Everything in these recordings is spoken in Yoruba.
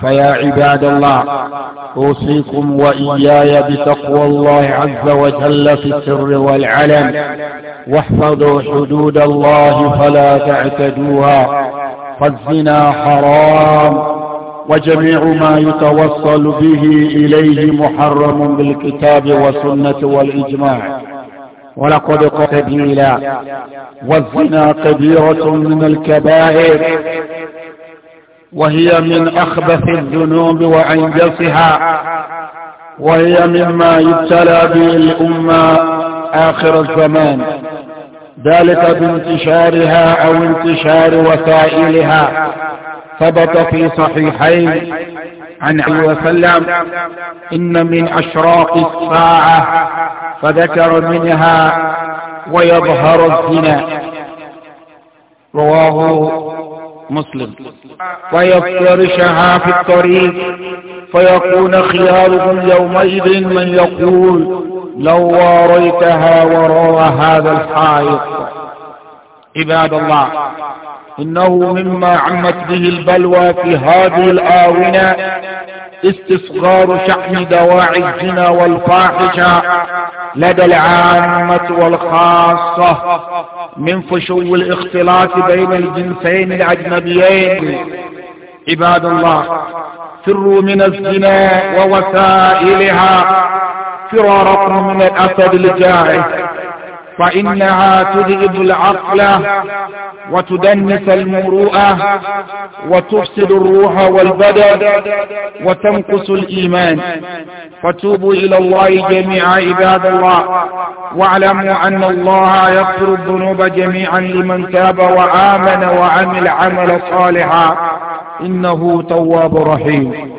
فيا عباد الله أوصيكم وإياي بتقوى الله عز وجل في السر والعلن واحفظوا حدود الله فلا تعتدوها فالزنا حرام وجميع ما يتوصل به إليه محرم بالكتاب والسنة والإجماع ولقد قتبيلا والزنا كبيرة من الكبائر وهي من أخبث الذنوب وأنجسها وهي مما يبتلى به الأمة آخر الزمان ذلك بانتشارها أو انتشار وسائلها ثبت في صحيحين عن علي وسلم إن من أشراق الساعة فذكر منها ويظهر الزنا رواه مسلم فيفطر شها في الطريق فيكون خيارهم يومئذ من يقول لو واريتها وراء هذا الحائط عباد الله إنه مما عمت به البلوى في هذه الآونة استصغار شحن دواعي الزنا والفاحشة لدى العامة والخاصة من فشو الاختلاط بين الجنسين الأجنبيين عباد الله فروا من الزنا ووسائلها فراركم من الأسد الجائع فإنها تذئب العقل وتدنس المروءة وتفسد الروح والبدن وتنقص الإيمان فتوبوا إلى الله جميعا عباد الله واعلموا أن الله يغفر الذنوب جميعا لمن تاب وآمن وعمل عملا صالحا إنه تواب رحيم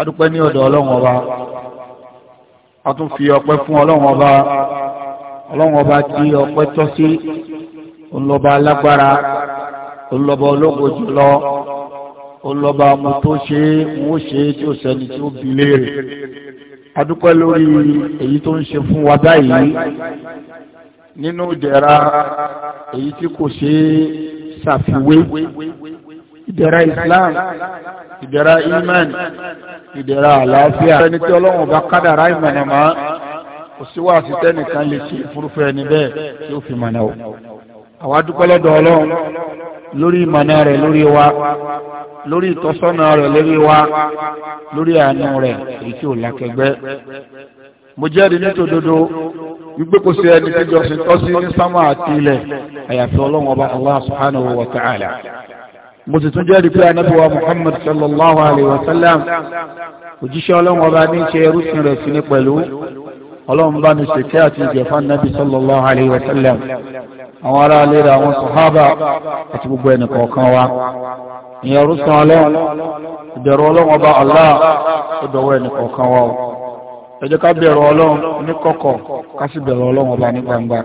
adúpẹ́ إلى الله ọlọ́run إلى الله ọlọ́run ọba tí ọpẹ́ tọ́ sí ọlọ́ba alágbára ọlọ́ba ológo jùlọ ọlọ́ba ọmọ tó ṣe é wọ́n ṣe é tí ó sẹ́ni tí ó bi léèrè adúpẹ́ lórí èyí tó ń ṣe fún wa báyìí nínú ìdẹ̀ra èyí tí kò ṣe é ṣàfiwé ìdẹ̀ra Islam ìdẹ̀ra iman ìdẹ̀ra àlàáfíà ẹni tí ọlọ́run ọba kádàrá ìmọ̀nàmọ́ kò sí wáàsí tẹ́nìkan lè ṣe ìfúrúfẹ́ ẹni bẹ́ẹ̀ tí ó fi mọ̀nà o àwa dúpẹ́ lọ́dọ̀ ọlọ́run lórí ìmọ̀nà rẹ̀ lórí wa lórí ìtọ́sọ́nà rẹ̀ lórí wa lórí àánú rẹ̀ èyí tí ò lákẹgbẹ́ mo jẹ́rìí nítòdodo wípé kò sí ẹni tíjọ sí tọ́sí ní sámà àti ilẹ̀ àyàfi ọlọ́run ọba allah subhanahu wa ta'ala mo sì tún jẹ́rìí pé anábíwá muhammad sallallahu alayhi wa sallam òjíṣẹ́ ọlọ́run ọba ní ṣe ẹrú sí rẹ̀ sí ní pẹ̀lú ọlọ́run bá ní ṣèkẹ́ àti ìjẹ̀fà nàbí sallallahu alayhi wa sallam àwọn ará alẹ́ rẹ̀ àwọn sọ̀hábà àti gbogbo ẹnì kọ̀ọ̀kan wa ìyẹn rúsan ọlọ́run ìbẹ̀rù ọlọ́run ọba Allah ó dọ̀wọ́ ẹnì kọ̀ọ̀kan wa o ẹ jẹ́ ká bẹ̀rù ọlọ́run ní kọ̀kọ̀ ká sì bẹ̀rù ọlọ́run ọba ní gbangba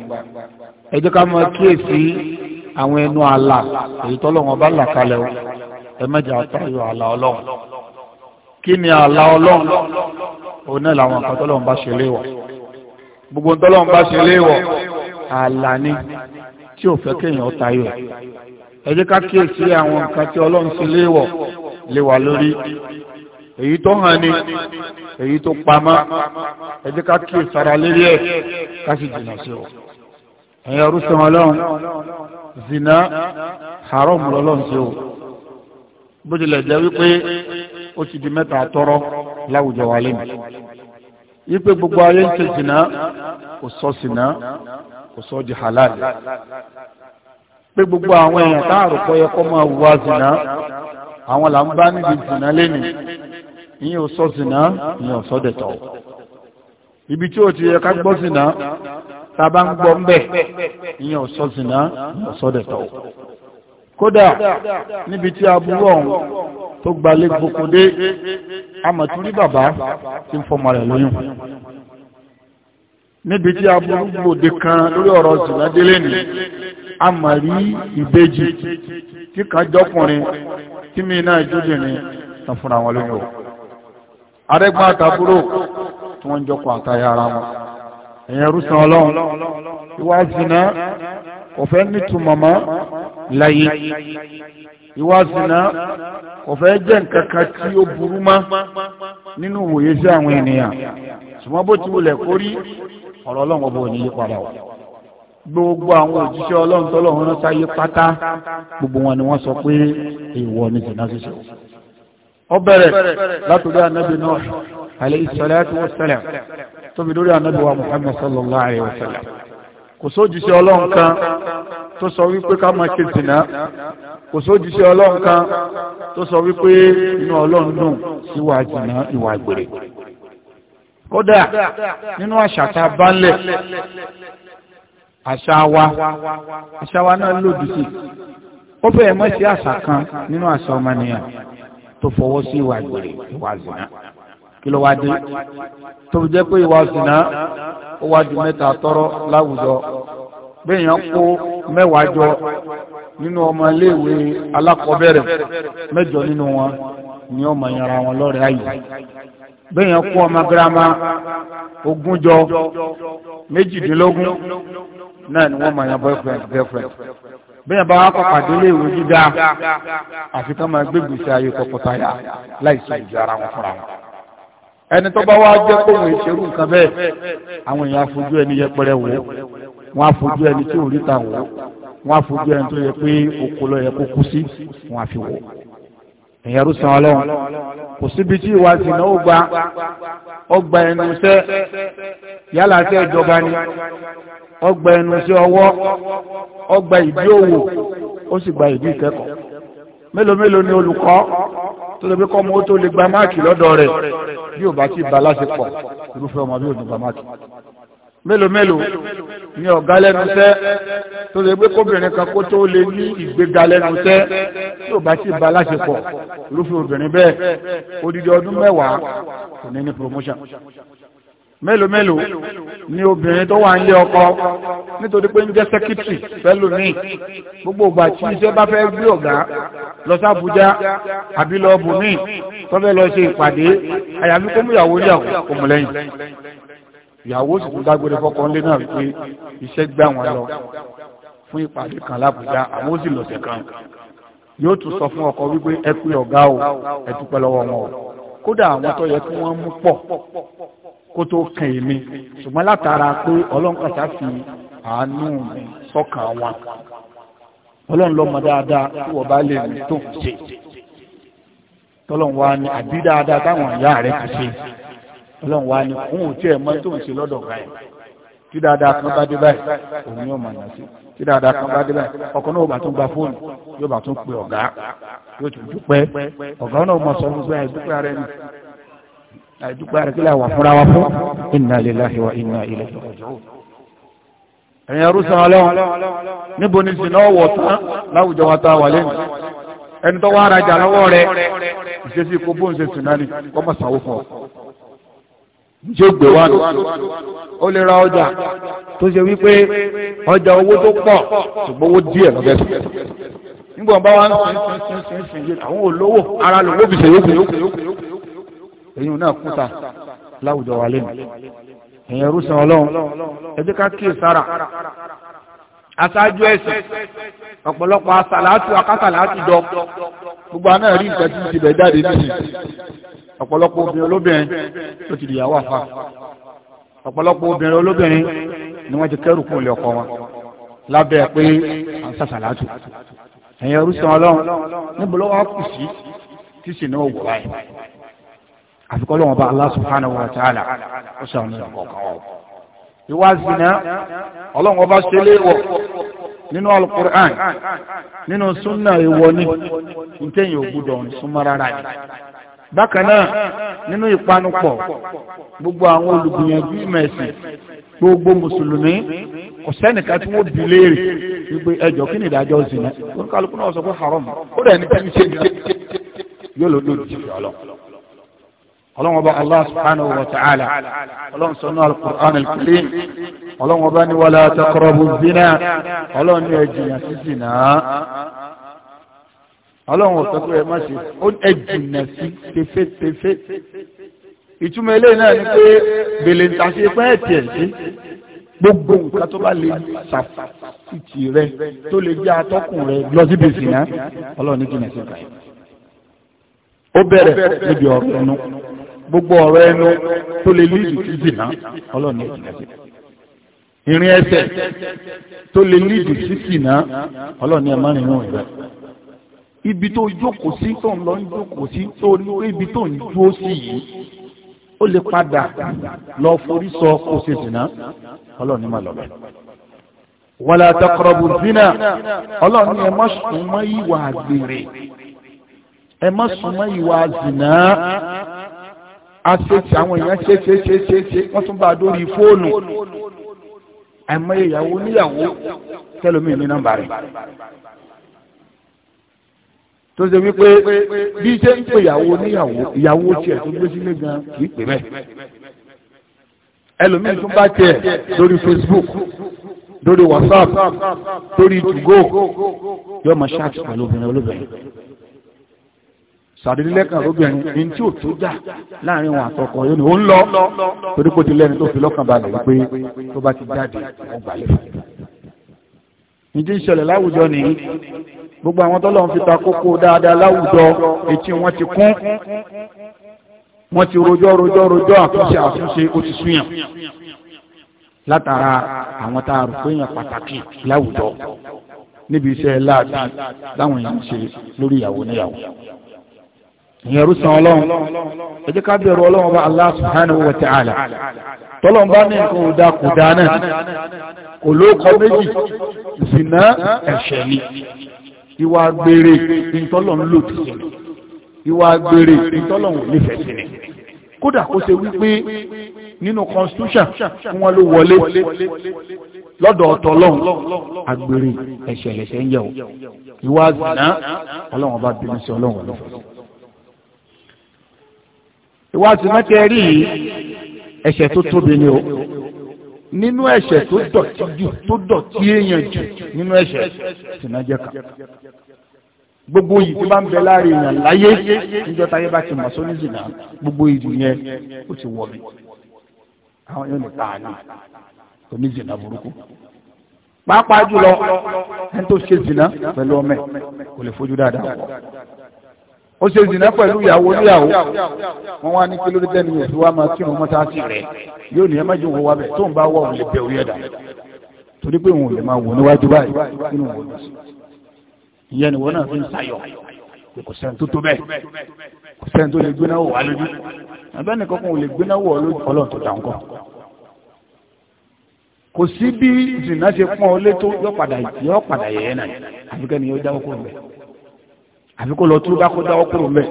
ẹ ká máa kíyèsí àwọn ẹnu àlà èyí tọ́lọ́run ọba là kalẹ̀ gbogbo ntọ́lọ́run bá ṣe léèwọ̀ ààlà ni tí ò fẹ́ kéèyàn tayọ ẹ̀ ẹ jẹ́ ká kíyèsí àwọn nǹkan tí ọlọ́run ṣe léèwọ̀ lé lórí èyí tó hàn ni èyí tó pamọ́ ẹ jẹ́ ká kíyèsí ara lérí ẹ̀ ká sì jìnnà sí ọ ẹ̀yin ọ̀rùsàn ọlọ́run zina haram lọ́lọ́run ṣe o bó tilẹ̀ jẹ́ wípé ó ti di mẹ́ta tọrọ láwùjọ wa lẹ́nu wípé gbogbo ayé ń ṣe zina kò sọ sìnà kò di pé gbogbo àwọn èèyàn tá àròkọ yẹ kó máa wá sìnà àwọn là ń bá níbi sìnà lẹ́nu ìyẹn ò sọ ìyẹn ò sọ dẹ̀tọ̀ ibi tí ó ti yẹ ká gbọ́ sìnà tá a bá ń gbọ́ sọ ìyẹn ò sọ dẹ̀tọ̀ kódà níbi tí aburú ọ̀hún tó gbalẹ̀ bàbá níbi tí aburú gbòde kan lórí ọ̀rọ̀ zìnàdélé ni a mà rí ìbejì tí kan tí mi náà jóbìnrin tán fúnra wọn lóyún arẹ́gbọ́n àtàbúrò tí wọ́n ń jọkọ̀ àtàyà ara wọn ẹ̀yẹn rúsan ọlọ́run ìwà zìnà ọ̀fẹ́ nítumọ̀ mọ́ láyé ìwà ọ̀fẹ́ jẹ́ ọ̀rọ̀ ọlọ́run ọba ò ní gbogbo àwọn òjíṣẹ́ ọlọ́run tọ́lọ́run rán sáyé pátá gbogbo wọn ni wọ́n sọ pé èèwọ̀ ni zina ṣíṣe ọ bẹ̀rẹ̀ látòdó ànábì Nuh alayhi salatu ànábì wa sallallahu alayhi wa sallam kò ọlọ́run kan tó sọ wípé ká zina kò ọlọ́run kan tó sọ wípé inú ọlọ́run dùn síwájú ìwà kódà nínú àṣà tá a àṣà wa àṣà wa náà lòdì sí ó bẹ̀rẹ̀ mọ́ sí àṣà kan nínú àṣà ọmọnìyàn tó fọwọ́ sí ìwà ìgbèrè ìwà zìnà kí ló wá dé tó fi jẹ́ pé ìwà zìnà ó wá ju mẹ́ta tọ́rọ́ láwùjọ béèyàn kó mẹ́wàá jọ nínú ọmọ iléèwé alákọ̀ọ́bẹ̀rẹ̀ mẹ́jọ nínú wọn ni ọmọ yẹn wọn lọ́rẹ̀ẹ́ ayò bẹ́yàn kú ọmọ girama ogúnjọ méjìdínlógún náà ni wọ́n máa yan boyfriend girlfriend bẹ́yàn bá wá pàpàdé lé ìwé gíga àfi ká máa gbé gbèsè ayé tọkọtaya láìsí ìjọ ara wọn fúnra wọn ẹni tó bá wá jẹ́ kó wọ́n ìṣerú nǹkan bẹ́ẹ̀ àwọn èèyàn afojú ẹni yẹpẹrẹ wò wọ́n afojú ẹni tí ò ríta wò wọ́n afojú ẹni tó yẹ pé okòó lọ yẹ kó kú sí wọ́n àfi wò. ẹ̀yẹ̀rú san ọlọ́run kò síbi tí ìwà ìsìnà ó gba ọgbà ẹnu iṣẹ́ yálà ni ọgbà ẹnu iṣẹ́ ọwọ́ ọgbà ìdí òwò ó gba ìdí ìkẹ́kọ̀ọ́ mélòó mélòó ni olùkọ́ tó lè fi kọ́ ọmọ ó tó lè gba máàkì lọ́dọ̀ rẹ̀ bí ò bá ti bá lásìkò irúfẹ́ ọmọ bí ò ní gba máàkì mélòó mélòó ni ọ̀gá lẹ́nu iṣẹ́ tó lè gbé kóbìnrin kan kó tó lè ní ìgbéga lẹ́nu iṣẹ́ tí ò bá sì bá láṣepọ̀ irúfẹ́ obìnrin bẹ́ẹ̀ odidi ọdún mẹ́wàá kò ní ní promotion mélòó mélòó ni obìnrin tó wà ń lé ọkọ nítorí pé ń jẹ́ sẹ́kítírì pẹ̀lú ní gbogbo ìgbà tí iṣẹ́ bá fẹ́ gbé ọ̀gá lọ sábújá àbí lọ bùnmí tó fẹ́ lọ ṣe ìpàdé àyàfi kó mú ìyàwó ní àwọn òmùlẹ́yìn ìyàwó sì tún dágbére fọ́kọ́ ńlé náà wípé iṣẹ́ gbá wọn lọ fún ìpàdé kan lábùjá àwọn ó sì lọ̀sẹ̀ kan yóò tún sọ fún ọkọ wípé ẹ pé ọ̀gá o ẹ dúpẹ́ lọ́wọ́ wọn o kódà àwọn tó yẹ kí wọ́n mú pọ̀ kó tó kàn èmi ṣùgbọ́n látara pé ọlọ́nkàtà fi àánú mi sọ́kàn wọn ọlọ́run lọ́mọ dáadáa tí wọ́n bá lè rìn tó ń ṣe tọ́lọ́run wa ni àbí dáadáa táwọn ìyá rẹ̀ ti ṣe ọlọ́run wa ni òun ò tiẹ̀ mọ tó ń ṣe lọ́dọ̀ ọ̀gá ẹ̀ tí dáadáa kan bá dé báyìí òun yóò mọ̀ náà sí gba fóònù yóò bá tún pe ọ̀gá yóò tún dúpẹ́ ọ̀gá náà mọ̀ sọ ara ẹni ara kí láwà fúnra wa fún wa ọlọ́run níbo ni tán láwùjọ wa wà lẹ́nu ẹni tó wá lọ́wọ́ ìṣesí tí ó gbé wá nù ó lè ra ọjà tó ṣe wípé ọjà owó tó pọ̀ ṣùgbọ́n owó díẹ̀ lọ́fẹ́ sí nígbà bá wá ń sìn sìn sìn sìn àwọn olówó ara lòwó fi ṣèyókù èyí náà kúta láwùjọ wa lẹ́nu ẹ̀yìn ẹrúsàn ọlọ́run ẹ jẹ́ ká kíyè sára aṣáájú ẹ̀sìn ọ̀pọ̀lọpọ̀ asàlátù akásàlátù dọ gbogbo aná rí nǹkan tí ń ti bẹ̀ jáde nísìnyí ọ̀pọ̀lọpọ̀ obìnrin olóbìnrin ló ti dìyàwó àfa ọ̀pọ̀lọpọ̀ obìnrin olóbìnrin ni wọ́n ti kẹ́rù kún ilé ọkọ wọn lábẹ́ pé à ń ẹ̀yin ọlọ́run níbo ló wá kù sí tí sì náà wọ̀ báyìí àfikọ́ bá ta'ala ó sàánú ìwà zina ọlọ́run ọba ṣe nínú alukur'an nínú ìwọ ògbúdọ̀ súnmọ́ rárá yìí. bákan náà nínú ìpanupọ̀ gbogbo àwọn olùgbìyànjú ìmẹ̀sìn gbogbo mùsùlùmí kò sẹ́nìkan tí wọ́n bi léèrè wípé ẹjọ́ kí ni ìdájọ́ zina oníkàlùkù náà sọ pé haram ó rẹ̀ ní tẹ́ni ṣe yóò lọ lórí ìjìnlẹ̀ ọlọ́ ọlọ́wọ́n bá allah subhanahu wa ta'ala ọlọ́wọ́n sọ náà al-Qur'an al-Karim ọlọ́wọ́n bá ní wala taqrabu zina ọlọ́wọ́n ní ẹ̀jìyàn sí zina ọlọ́run ọ̀sán pé ẹ má ṣe ẹ jìnà sí tefétefé ìtumọ̀ ilé náà ni pé bèlè ń tàṣe pẹ́ ẹ̀tì ẹ̀sí gbogbo nǹkan tó bá lè ṣàfìtì rẹ tó lè jẹ́ atọ́kùn rẹ lọ síbi ìsìnà ọlọ́run ní jìnà sí ìgbà yìí ó bẹ̀rẹ̀ níbi ọ̀rọ̀ ẹnu gbogbo ọ̀rọ̀ ẹnu tó lè lídì sí jìnà ọlọ́run ní jìnà sí ìrìn ẹsẹ̀ tó lè lídì sí jìnà ọlọ́run ẹ̀ má rìn ibi tó jókòó sí tó ń lọ ń jókòó sí tó ní ibi tó ń dúró sí yìí ó lè padà lọ forí sọ kó ṣe zìnà ọlọ́ọ̀ni má lọ bẹ́ẹ̀. wàlá àtàkọ̀rọ̀bù zina ọlọ́ọ̀ni ẹ má sùn mọ́ ìwà àgbèrè ẹ má sùn mọ́ ìwà zìnà aṣèṣe àwọn èèyàn ṣe ṣe ṣe ṣe ṣe wọ́n tún bá a dórí fóònù àìmọye ìyàwó níyàwó tẹlomi ní nọ́mbà rẹ̀ tó ṣe wípé bí ṣe ń pè ìyàwó níyàwó ìyàwó tiẹ̀ tó gbé sílé gan kì í pè bẹ́ẹ̀ ẹlòmíì tún bá tiẹ̀ lórí Facebook lórí WhatsApp lórí tugo yóò máa ṣáàtì pẹ̀lú obìnrin olóbìnrin sàdédélẹ́kàn lóbìnrin ní tí ò tó jà láàrin wọn àtọkọ yóò ní ó ń lọ torí kò ti lẹ́ni tó fi lọ́kàn balẹ̀ wípé tó bá ti jáde wọ́n gbàlẹ̀ ìdí ìṣẹ̀lẹ̀ láwùjọ nìyí gbogbo àwọn tọ́lọ̀ ń fi ta kókó dáadáa láwùjọ etí wọn ti kún wọn ti rojọ́ rojọ́ rojọ́ àtúnṣe àtúnṣe ó ti súyàn látara àwọn tá a rò pé yẹn pàtàkì láwùjọ níbi iṣẹ́ láàbí láwọn èèyàn ṣe lórí ìyàwó níyàwó ìyẹn rúsan ọlọ́run ẹ jẹ́ ká bẹ̀rù ọlọ́run bá Allah subhanahu wa ta'ala tọ́lọ̀ bá ní nǹkan ò dáa kò dáa kò lóko méjì ìsìnà ẹ̀ṣẹ̀ ni ìwà gbére ìtọ́lọ̀ ń lò tìṣẹ̀ ìwà gbére ìtọ́lọ̀ ń nífẹ̀ẹ́ sílẹ̀ kódà kó ṣe wípé nínú constitution fún wọn ló wọlé lọ́dọ̀ ọ̀tọ̀lọ́hun agbèrè ẹ̀ṣẹ̀ lẹ̀ṣẹ̀ ń yẹ̀ o ìwà zìnà ọlọ́run bá bínú sí ọlọ́run lọ́fẹ̀ẹ́ ìwà zìnà tẹ́ ẹ̀ṣẹ̀ tó tóbi ni o nínú ẹ̀ṣẹ̀ tó dọ̀tí jù tó dọ̀tí èèyàn jù nínú ẹ̀ṣẹ̀ tìǹàjẹ́ka gbogbo yìí tó bá ń bẹ láàrin èèyàn láyé níjọ́ táyé bá ti mọ̀ sóní jìnnà gbogbo ìlú yẹn ó ti wọ̀ mí àwọn yóò ní tààní oní jìnnà burúkú pàápàá jùlọ ẹni tó ṣe jìnnà pẹ̀lú ọmọ ẹ̀ kò lè fojú dáadáa wọ̀ ó ṣe ìdìnnà pẹ̀lú ìyàwó oníyàwó wọn wá ní kí lórí tẹ́lẹ̀ yóò fi wá máa kírun mọ́ta sí rẹ̀ yóò ní ẹmẹ́jì wọn wá bẹ̀ tó ń bá wọ̀ lè bẹ̀ orí ẹ̀dá torí pé òun lè máa wò níwájú báyìí nínú wọn lọ sí ìyẹn ìwọ náà fi ń sayọ̀ kò sẹ́ni tó tó bẹ́ẹ̀ kò sẹ́ni tó lè gbéná wò wá lójú abẹ́ni kankan ò lè gbéná wò lójú ọlọ́run tó dà ń kọ́ àfi kó lọ tó bá kó dáwọ́ kúrò mẹ́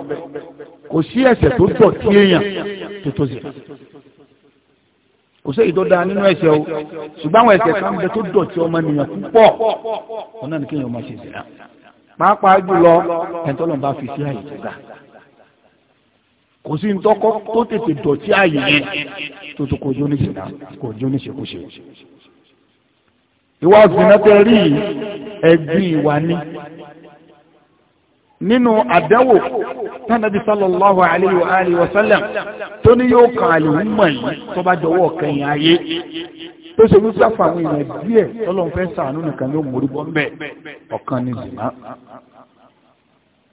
kò sí ẹ̀ṣẹ̀ tó dọ̀ tí èèyàn tó tó zina kò sí èyí tó dáa nínú ẹ̀ṣẹ̀ o ṣùgbọ́n àwọn ẹ̀ṣẹ̀ kan bẹ tó dọ̀ tí ọmọ nìyàn púpọ̀ ọ̀nà ni kéèyàn máa ṣe zina pàápàá jùlọ ẹ̀ńtọ́lọ́n bá fi sí àyè tó ga kò sí ntọ́kọ́ tó tètè dọ̀ tí àyè yẹn tó tó kò jóni ṣe kò jóni ṣe kò ṣe ìwà zina tẹ rí ẹgbin ìwà ni. nínú àdánwò tánàbí sallallahu alayhi wa alihi tó ní yóò kan àlùmọ̀ yìí tó bá jọwọ́ kẹyìn ayé tó ṣe wípé àfàwọn èèyàn díẹ̀ fẹ́ sàánú nìkan ló mórí bọ́ mbẹ́ ọ̀kan ní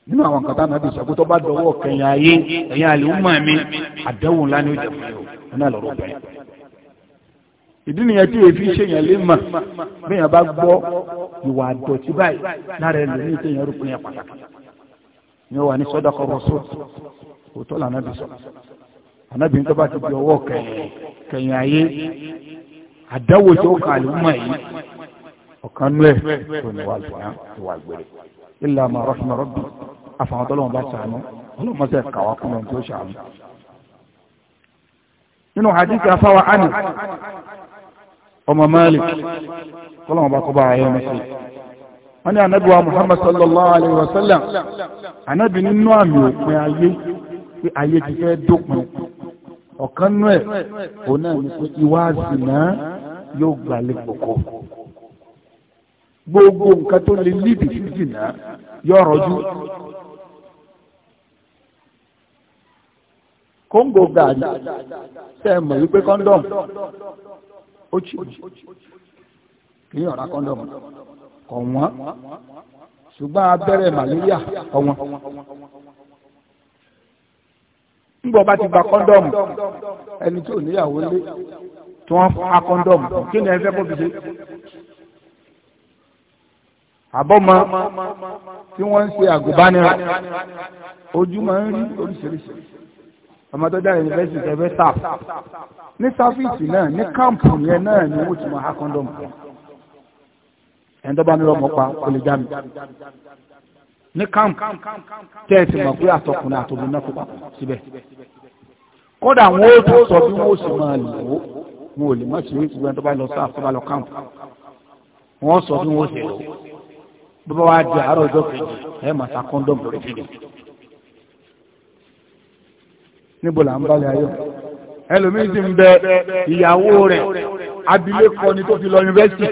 nínú àwọn nǹkan tánàbí sọ pé tó bá jọwọ́ kẹyìn ayé ẹ̀yìn mi ó jẹ fún yóò ni ó wà ní sọ́dọ̀kọ rọ̀ṣọ́ òótọ́ là nábì sọ ànábì tó bá ti di ọwọ́ kẹyìn ayé àdáwò tí ó kà àlùmọ̀ yìí ọ̀kan nú ẹ̀ tó ní wà lùwà ìwà àgbèrè ilà àmà rahma rabbi àfàwọn tọ́lọ́wọ́n bá sànú ọlọ́mọsẹ̀ kàwá kún ẹ̀ tó sànú. nínú hadith afáwa Anas ọmọ Malik tọ́lọ́wọ́n bá kọ́ bá ayé ọmọ sí wọ́n ní wa muhammad sallallahu alayhi wa sallam ànábì nínú àmì òpin ayé pé ayé ti fẹ́ dópin ọ̀kan nú ẹ̀ òun náà pé ìwà àzìnà yóò gbogbo nǹkan tó lè líbi sí yóò rọjú kóńgò gàdí tẹ́ ẹ mọ̀ wípé kọ́ńdọ̀mù ó chì ọ̀rá kọ̀ wọ́n ṣùgbọ́n abẹ́rẹ́ màlúyà kọ̀ wọ́n. níbo bá ti gba kọ́ńdọ̀mù ẹni tí ò níyàwó lé tí wọ́n fa kọ́ńdọ̀mù kí ni ẹ fẹ́ kó fi ṣe àbọ́mọ tí wọ́n ń ṣe àgùnbánirọ̀ ojú máa ń rí oríṣiríṣi ọmọdọ́dá yunifásitì ẹgbẹ́ sáf ní sáfíìsì náà ní káàmpù yẹn náà ni wọ́n ti máa ha kọ́ndọ̀mù ẹni tó bá nílò ọmọ pa kò lè já mi ní camp tẹ́ẹ̀sì mọ̀ pé àtọkùnrin àtọkùnrin náà kò papọ̀ síbẹ̀ kódà wọn ó tún sọ bí wọn ó sì máa lò ó wọn ò lè má ṣe ìgbẹ́ tó bá lọ sáà tó bá lọ camp wọn sọ bí wọn ó sì lò ó bí wọn wá di àárọ̀ ọjọ́ kejì ẹ̀ máa ta kọ́ńdọ̀mù rẹ̀ fi níbo là ń bá lè ayọ̀ ẹlòmíín sì ń bẹ ìyàwó rẹ̀ abilékọ ni tó fi lọ yunifásitì